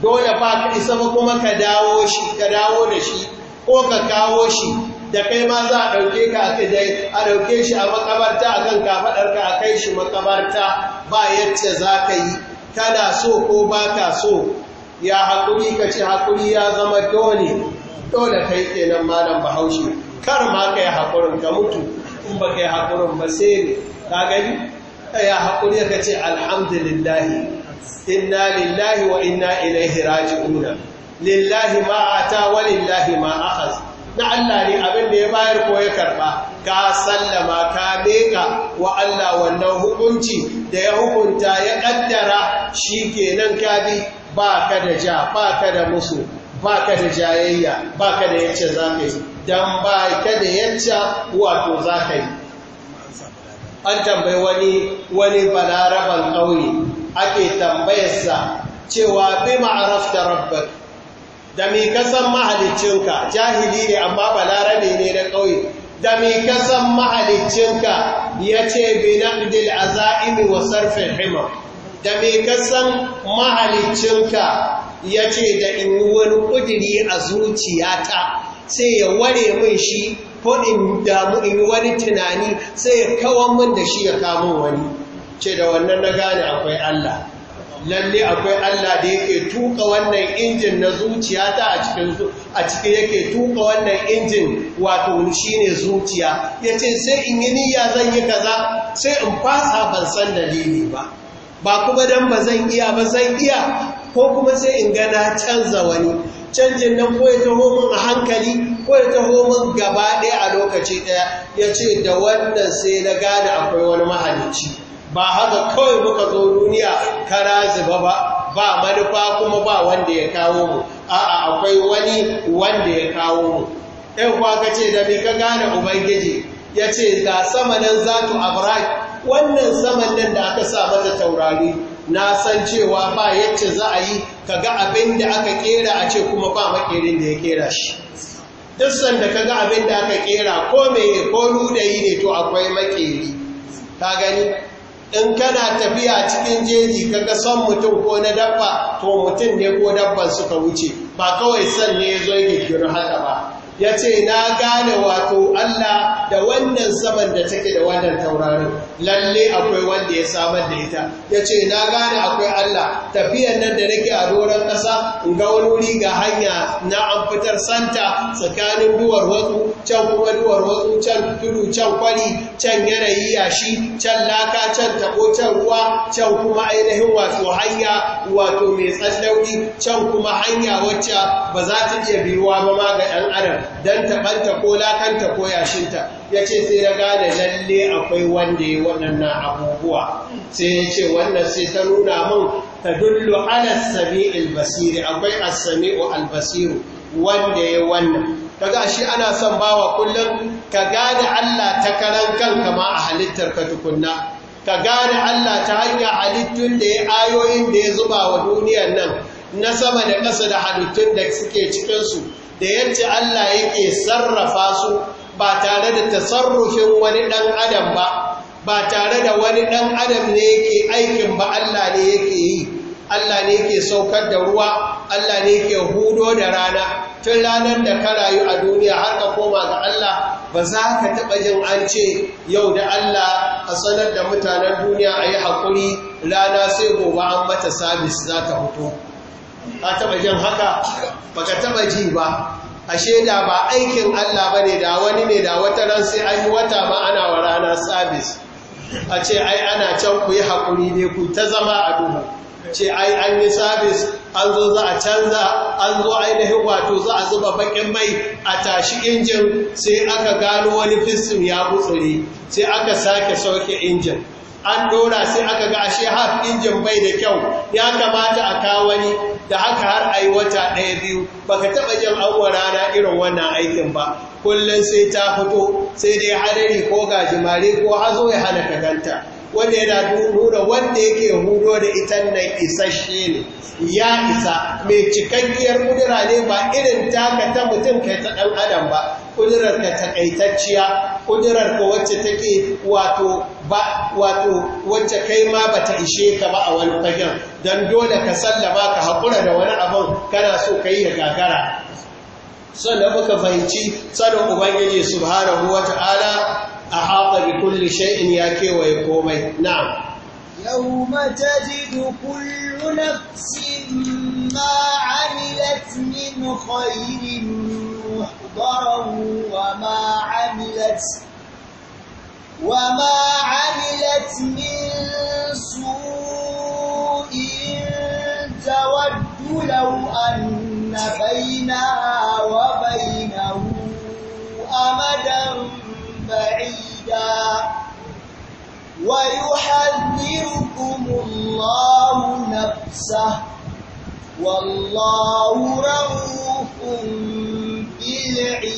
dole ba ka isa ba kuma ka dawo shi ka dawo da shi ko ka kawo shi da kai ma za a ɗauke ka a kai a ɗauke shi a makabarta a kan kafaɗarka a kai shi makabarta ba yacce za ka yi kana so ko ba ka so ya haƙuri ka ce haƙuri ya zama dole dole kai kenan malam bahaushe kar ma ka yi haƙurin ka mutu in ba ka yi haƙurin ba sai ne ka gani ya haƙuri ka ce alhamdulillahi inna lillahi wa inna ilaihi raji'una lillahi ma ata wa lillahi ma akhadha na Allah ne abin da ya bayar ko ya karba ka sallama ka beka wa Allah wannan hukunci da ya hukunta ya kaddara shikenan ka bi ba ka da ja ba ka da musu ba ka da jayayya ba ka da yacce za ka yi don ba ka da yacce wato za ka yi an tambayi wani wani balaraban ƙauye ake tambayarsa cewa bi ma'arafta rabbar da mai kasan mahalicinka jahili ne amma balarabe ne na ƙauye da mai kasan mahalicinka ya ce binaqdil azaimi wa sarfin himar da mai kasan mahalicinka ya ce da in yi wani ƙudiri a zuciyata sai ya ware min shi ko in damu in yi wani tunani sai ya kawan min da shi ya kamo wani ce da wannan na gane akwai Allah lalle akwai Allah da yake tuka wannan injin na zuciyata a cikin a cikin yake tuka wannan injin wato shine zuciya yace sai in yi niyya zan yi kaza sai in fasa ban san dalili ba ba kuma dan ba zan iya ba zan iya ko kuma sai in ga na canza wani canjin nan ko ya taho min a hankali ko ya taho min gaba ɗaya a lokaci ɗaya yace da wannan sai na gane akwai wani mahalicci ba haka kawai muka zo duniya ka zuba ba ba manufa kuma ba wanda ya kawo mu a'a akwai wani wanda ya kawo mu ɗan kwaka ce da mai ka gane ubangiji ya ce ga sama nan za tu wannan saman nan da aka sa mata taurari na san cewa ba yacce za a yi ka ga abin da aka kera a ce kuma ba makerin da ya kera shi duk sanda ka ga abin da aka kera ko mai ko ludayi ne to akwai makeri ta gani in kana tafiya cikin jeji kaga son mutum ko na dabba to mutum ne ko dabban suka wuce ba kawai son ne ya zo yake haka ba ya ce na gane wato Allah da wannan saman da take da wannan taurarin lalle akwai wanda ya samar da ita ya ce na gane akwai Allah tafiyan nan da nake a doron ƙasa in ga wani ga hanya na an fitar santa tsakanin duwar watsu can kuma duwar watsu can tudu can kwari can yanayi yashi can laka can tabo can ruwa can kuma ainihin wato hanya wato mai tsallauki can kuma hanya wacce ba za ta iya biyuwa ba ma ga ɗan adam don taɓanta ko lakanta ko yashinta ya ce sai ya gane lalle akwai wanda ya waɗannan abubuwa sai ya ce wannan sai ta nuna mun ta dullu ala sami'il basiri akwai as-sami'u al-basiru wanda ya wannan kaga shi ana son bawa kullum ka gane Allah ta karan kanka ma a halittar ka tukunna ka gane Allah ta hanya halittun da ya ayoyin da ya zuba wa duniyar nan na sama da ƙasa da halittun da suke cikin su da yadda Allah yake sarrafa su ba tare da tasarrufin wani ɗan adam ba ba tare da wani ɗan adam ne yake aikin ba Allah ne yake yi Allah ne yake saukar da ruwa Allah ne yake hudo da rana tun ranar da ka rayu a duniya har ka koma ga Allah ba za ka taɓa jin an ce yau da Allah a sanar da mutanen duniya a yi haƙuri rana sai gobe an mata sabis za ta fito a taba jin haka baka taba ji ba ashe da ba aikin Allah ba ne da wani ne da wata ran sai an yi wata ba ana wa rana sabis a ce ai ana can ku yi hakuri ne ku ta zama a duhu ce ai an yi sabis an zo za a canza an zo ainihin wato za a zuba bakin mai a tashi injin sai aka gano wani fistin ya gutsure sai aka sake sauke injin an dora sai aka ga ashe haf injin bai da kyau ya kamata a kawo wani da haka har a yi wata ɗaya biyu ba ka taɓa jin abuwa rana irin wannan aikin ba kullum sai ta fito sai dai hadari ko gajimare ko hazo ya hana ka ganta wanda yana nuna wanda yake hudo da ita nan isasshe ne ya isa mai cikakkiyar kudura ne ba irin taka ta mutum kai ta ɗan adam ba ƙudurar ka takaitacciya ƙudurar ka wacce take wato ba wato wacce kai ma bata ishe ka ba a wani fagen don dole ka sallama ka haƙura da wani abin kana so ka yi gagara sannan muka fahimci sanin ubangiji su subhanahu wata'ala a haɗa bi kulli sha'in ya kewaye komai na'am يوم تجد كل نفس ما عملت من خير محضرا وما عملت وما عملت من سوء تود لو أن بينها وبينه أمدا بعيدا ويحذركم الله نفسه والله رؤوف للعباد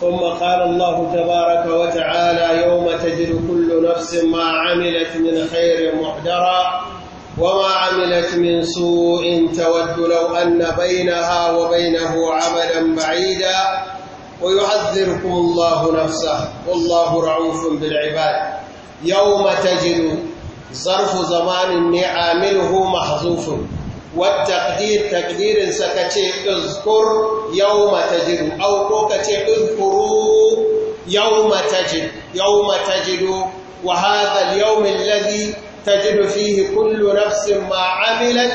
ثم قال الله تبارك وتعالى يوم تجد كل نفس ما عملت من خير محدرا وما عملت من سوء تود لو أن بينها وبينه عملا بعيدا ويحذركم الله نفسه والله رعوف بالعباد يوم تجد ظرف زمان عامله محظوف والتقدير تقدير سكتي اذكر يوم تجد أو كوكتي اذكروا يوم تجد يوم تجد وهذا اليوم الذي تجد فيه كل نفس ما عملت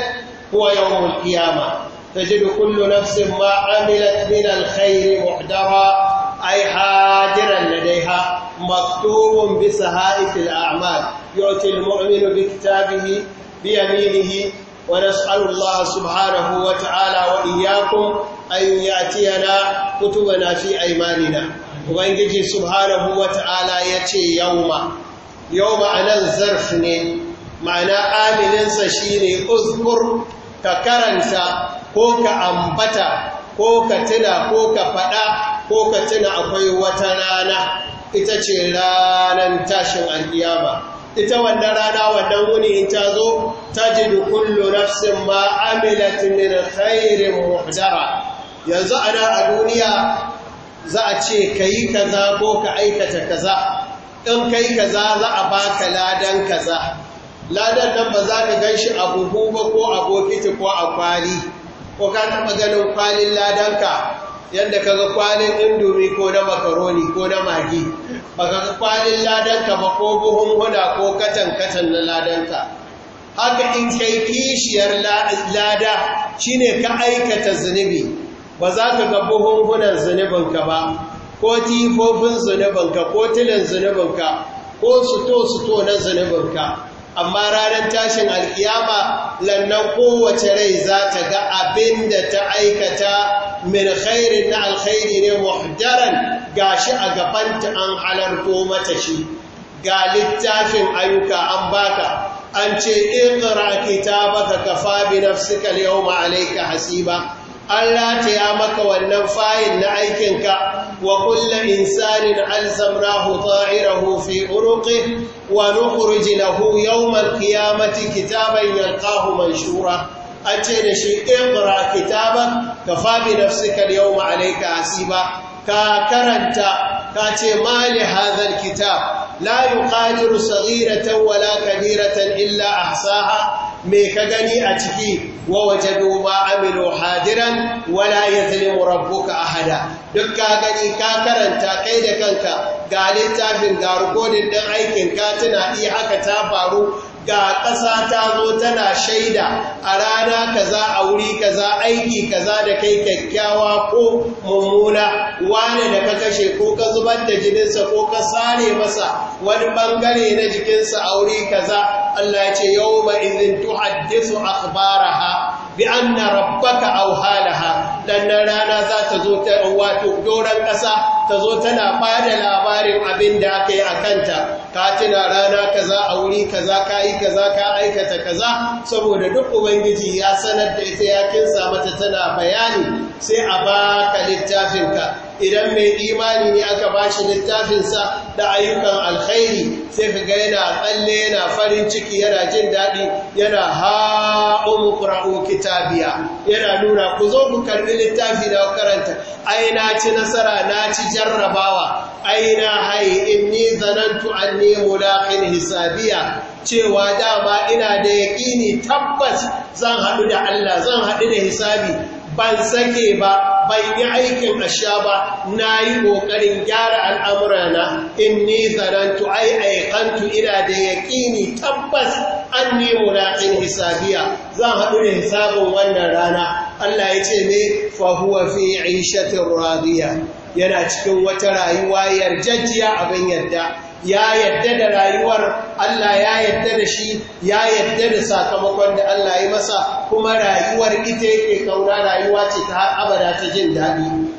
هو يوم القيامة تجد كل نفس ما عملت من الخير محدرا أي حاجرا لديها مكتوب بصحائف الأعمال يؤتي المؤمن بكتابه بيمينه ونسأل الله سبحانه وتعالى وإياكم أن يأتينا كتبنا في أيماننا وبنجي سبحانه وتعالى يأتي يوم يوم أنا الزرفني معنى آمن سشيني أذكر ككرنسا كوك أنبتا كوك تنا كوك فدا كوك تنا أخي وتنانا ita ce ranar tashin al'iyama ita wannan rana wannan wuni in ta zo da kullu nafsin ma amilat min khairin muhdara yanzu nan a duniya za a ce kayi kaza ko ka aikata kaza in kai kaza za a baka ladan kaza ladan nan ba za ka gan shi a buhu ba ko a bokiti ko a kwali ko ka taɓa ganin kwalin ladanka yadda ka ga kwalin indomi ko na makaroni ko na magi ba ka kwalin ladanka ba ko buhun huda ko katan-katan na ladanka haka in kai kishiyar lada shine ka aikata zunubi ba za ka ga buhun hunan zunubinka ba ko tifofin zunubinka ko tilin zunubinka ko suto-suto na zunubinka amma ranar tashin alkiyama lannan kowace rai za ta ga abin da ta aikata min khairin na alkhairi ne muhdaran gashi a gabanta an halarto mata shi ga littafin ayyuka an baka an ce iqra kitabaka kafa bi nafsika al alaika hasi ba. an rataya maka wannan fayil na aikinka wa kulla insanin alzamrahu ta'irahu fi uruqi wa nukhrij lahu yawm alqiyamati kitaban yalqahu manshura ace da shi iqra kitaban kafa bi nafsika alyawma alayka hasiba ka karanta ka ce mali hadha alkitab لا يقادر صغيرة illa ahsaha? Me ka gani a ciki? ووجدوا ما عملوا hadiran ولا يظلم rabbuka ahada duk ka gani ka karanta kai da kanka ga littafin ga rikodin ɗin aikin ka tuna iya haka ta faru ga ƙasa ta zo tana shaida a rana kaza a wuri kaza aiki kaza da kai kyakkyawa ko mummuna wane da ka kashe ko ka zubar da jininsa ko ka sare masa wani bangare na jikinsa a wuri kaza Allah ce yau ma izin tuhaddisu akhbaraha bi anna rabbaka auhalaha dan rana za ta zo ta wato doran kasa ta zo tana bada labarin abin da aka yi akanta ka tuna rana kaza a wuri kaza ka yi kaza ka aikata kaza saboda duk ubangiji ya sanar da ita ya kinsa mata tana bayani sai a baka littafinka idan mai imani ne aka bashi littafinsa da ayyukan alkhairi sai ka ga yana tsalle yana farin ciki yana jin daɗi yana ha'umu ƙura'u kitabiya yana nuna ku zo ku karbi littafi da karanta ai na ci nasara na ci jarrabawa ai na haye in ni zanantu an ne mulaƙin hisabiya cewa dama ina da yaƙini tabbas zan haɗu da Allah zan haɗu da hisabi ban sake ba bai yi aikin asha ba na yi ƙoƙarin gyara al'amurana in ni zanantu ai aikantu ina da yaƙini tabbas an nemo na in hisabiya zan haɗu da hisabin wannan rana Allah ya ce ne fahuwa fi aishatin radiya yana cikin wata rayuwa yarjajjiya abin yadda ya yadda da rayuwar Allah ya yadda da shi ya yadda da sakamakon da Allah ya masa kuma rayuwar ita yake kauna rayuwa ce ta har abada ta jin daɗi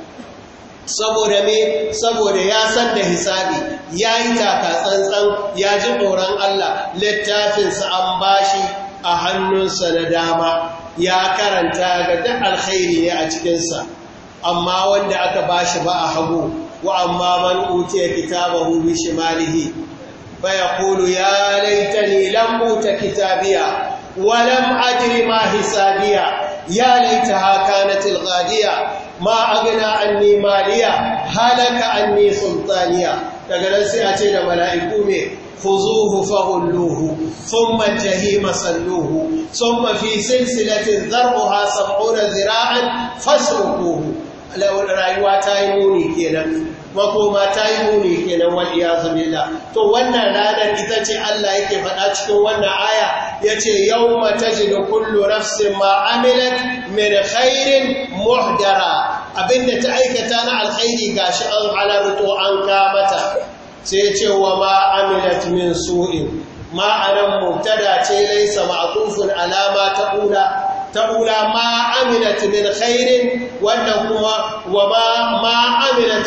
saboda me saboda ya san da hisabi ya yi taka tsantsan ya ji tsoron Allah littafinsa an bashi a hannunsa na dama ya karanta ga duk alkhairi ne a cikinsa amma wanda aka bashi ba a hagu وأما من أوتي كتابه بشماله فيقول يا ليتني لم أوت كتابيا ولم أدر ما حسابيا يا ليتها كانت الغادية ما أغنى عني ماليا هلك عني سلطانيا تقرأ سيأتينا ملائكو خذوه فغلوه ثم الجحيم صلوه ثم في سلسلة ذرعها سبعون ذراعا فاسلكوه rayuwa ta yi muni kenan makoma ta yi muni kenan ya iyazu billah to wannan ranar ita ce Allah yake faɗa cikin wannan aya yace yawma tajidu kullu nafsin ma amilat min khairin muhdara abinda ta aikata na alkhairi gashi an halarto an kamata sai ce wa ma min su'in ma'anan mutada ce a ma'tufun alama ta kula ta ula ma aminat min khairin wannan kuma wa ma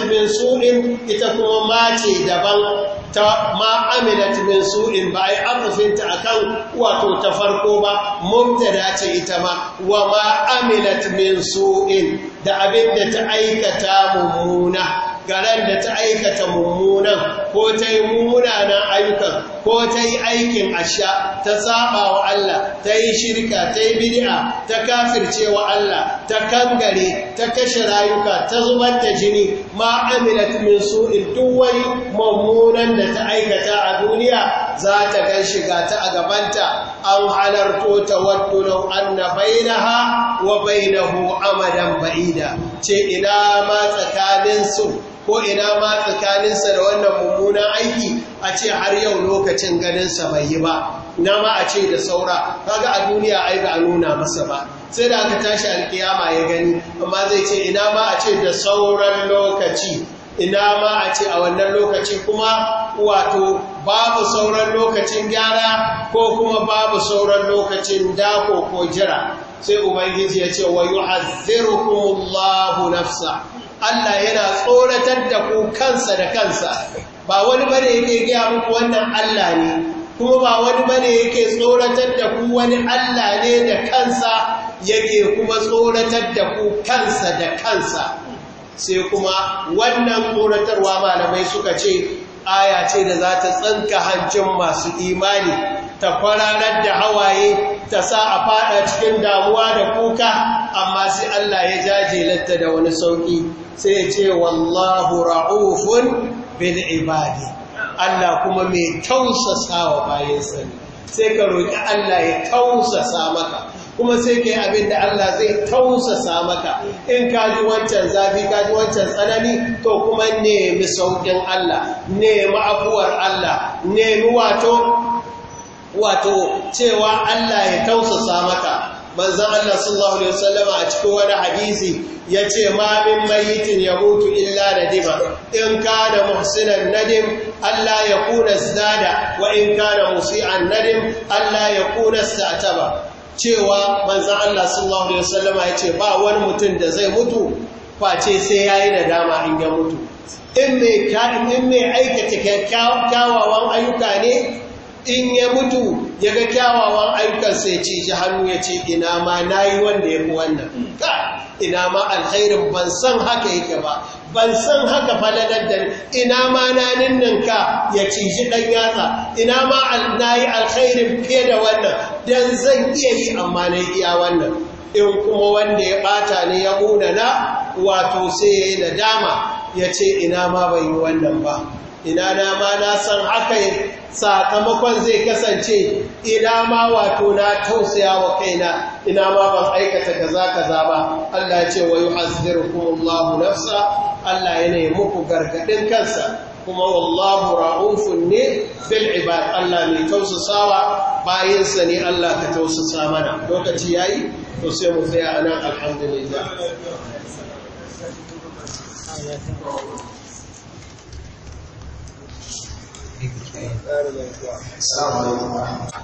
min su'in ita kuma ma ce daban ta ma aminat min su'in ba ai arfinta akan wato ta farko ba mubtada ce ita ma wa ma min su'in da abinda ta aikata mummuna garan da ta aikata mummunan ko ta yi munanan ayyukan ko ta yi aikin asha ta saba wa Allah ta yi shirka ta yi bid'a ta kafirce wa Allah ta kangare ta kashe rayuka ta zubar da jini ma amilat min su'in duk wani mummunan da ta aikata a duniya za ta gan shiga ta a gabanta an halarto ta waddu law anna bainaha wa bainahu amadan ba'ida ce ina ma tsakanin su ko ina ma tsakaninsa da wannan mummunan aiki a ce har yau lokacin ganinsa bai yi ba na ma a ce da saura kaga a duniya ai ba a nuna masa ba sai da aka tashi alkiyama ya gani amma zai ce ina ma a ce da sauran lokaci ina ma a ce a wannan lokaci kuma wato babu sauran lokacin gyara ko kuma babu sauran lokacin dako ko jira sai ubangiji ya ce wa yu'azzirukumullahu nafsa Allah yana tsoratar da ku kansa da kansa ba wani bane yake gaya muku wannan Allah ne kuma ba wani bane yake tsoratar da ku wani Allah ne da kansa yake kuma tsoratar da ku kansa da kansa sai kuma wannan tsoratarwa malamai suka ce aya ce da za ta tsanka hancin masu imani ta kwararar da hawaye ta sa a fada cikin damuwa da kuka amma sai Allah ya jajelanta da wani sauki sai ya ce wallahu ra'ufun bil ibadi Allah kuma mai tausasa wa bayansa sai ka roki Allah ya tausasa maka kuma sai ka yi abin da Allah zai tausasa maka in ka ji wancan zafi ka ji wancan tsanani to kuma nemi sauƙin Allah nemi abuwar Allah nemi wato wato cewa Allah ya tausasa maka manzon Allah sallallahu alaihi wasallam a cikin wani hadisi ce ma bin mayitin mutu illa da diba. in ka kana muhsinan nadim Allah ya kuna zada wa in ka kana musi'an nadim Allah ya kuna sataba cewa manzan Allah sallallahu Alaihi wasallama ya ce ba wani mutum da zai mutu face sai ya yi nadama in ya mutu in mai aikata kyawawan ayyuka ne in ya mutu ya ga kyawawan ayyukan sai ci shi hannu ya ce ina ma na yi wanda ya fi wannan ka ina ma alkhairin ban san haka yake ba ban san haka falalar da ina ma na ka ya ciji ɗan yatsa ina ma na yi alkhairin fiye da wannan don zan iya yi amma na iya wannan in kuma wanda ya ɓata ne ya na wato sai ya yi nadama ya ce ina ma bai yi wannan ba ina na ma na san haka sakamakon zai kasance ina ma wato na tausaya wa kaina ina ma ban aikata kaza kaza ba Allah ya ce wa yuhazzirukumullahu nafsa Allah ya yi muku gargaɗin kansa kuma wallahu ra'ufun ne fil ibad Allah mai tausasawa bayansa ne Allah ka tausasa mana lokaci yayi to sai mu tsaya nan alhamdulillah Assalamu alaikum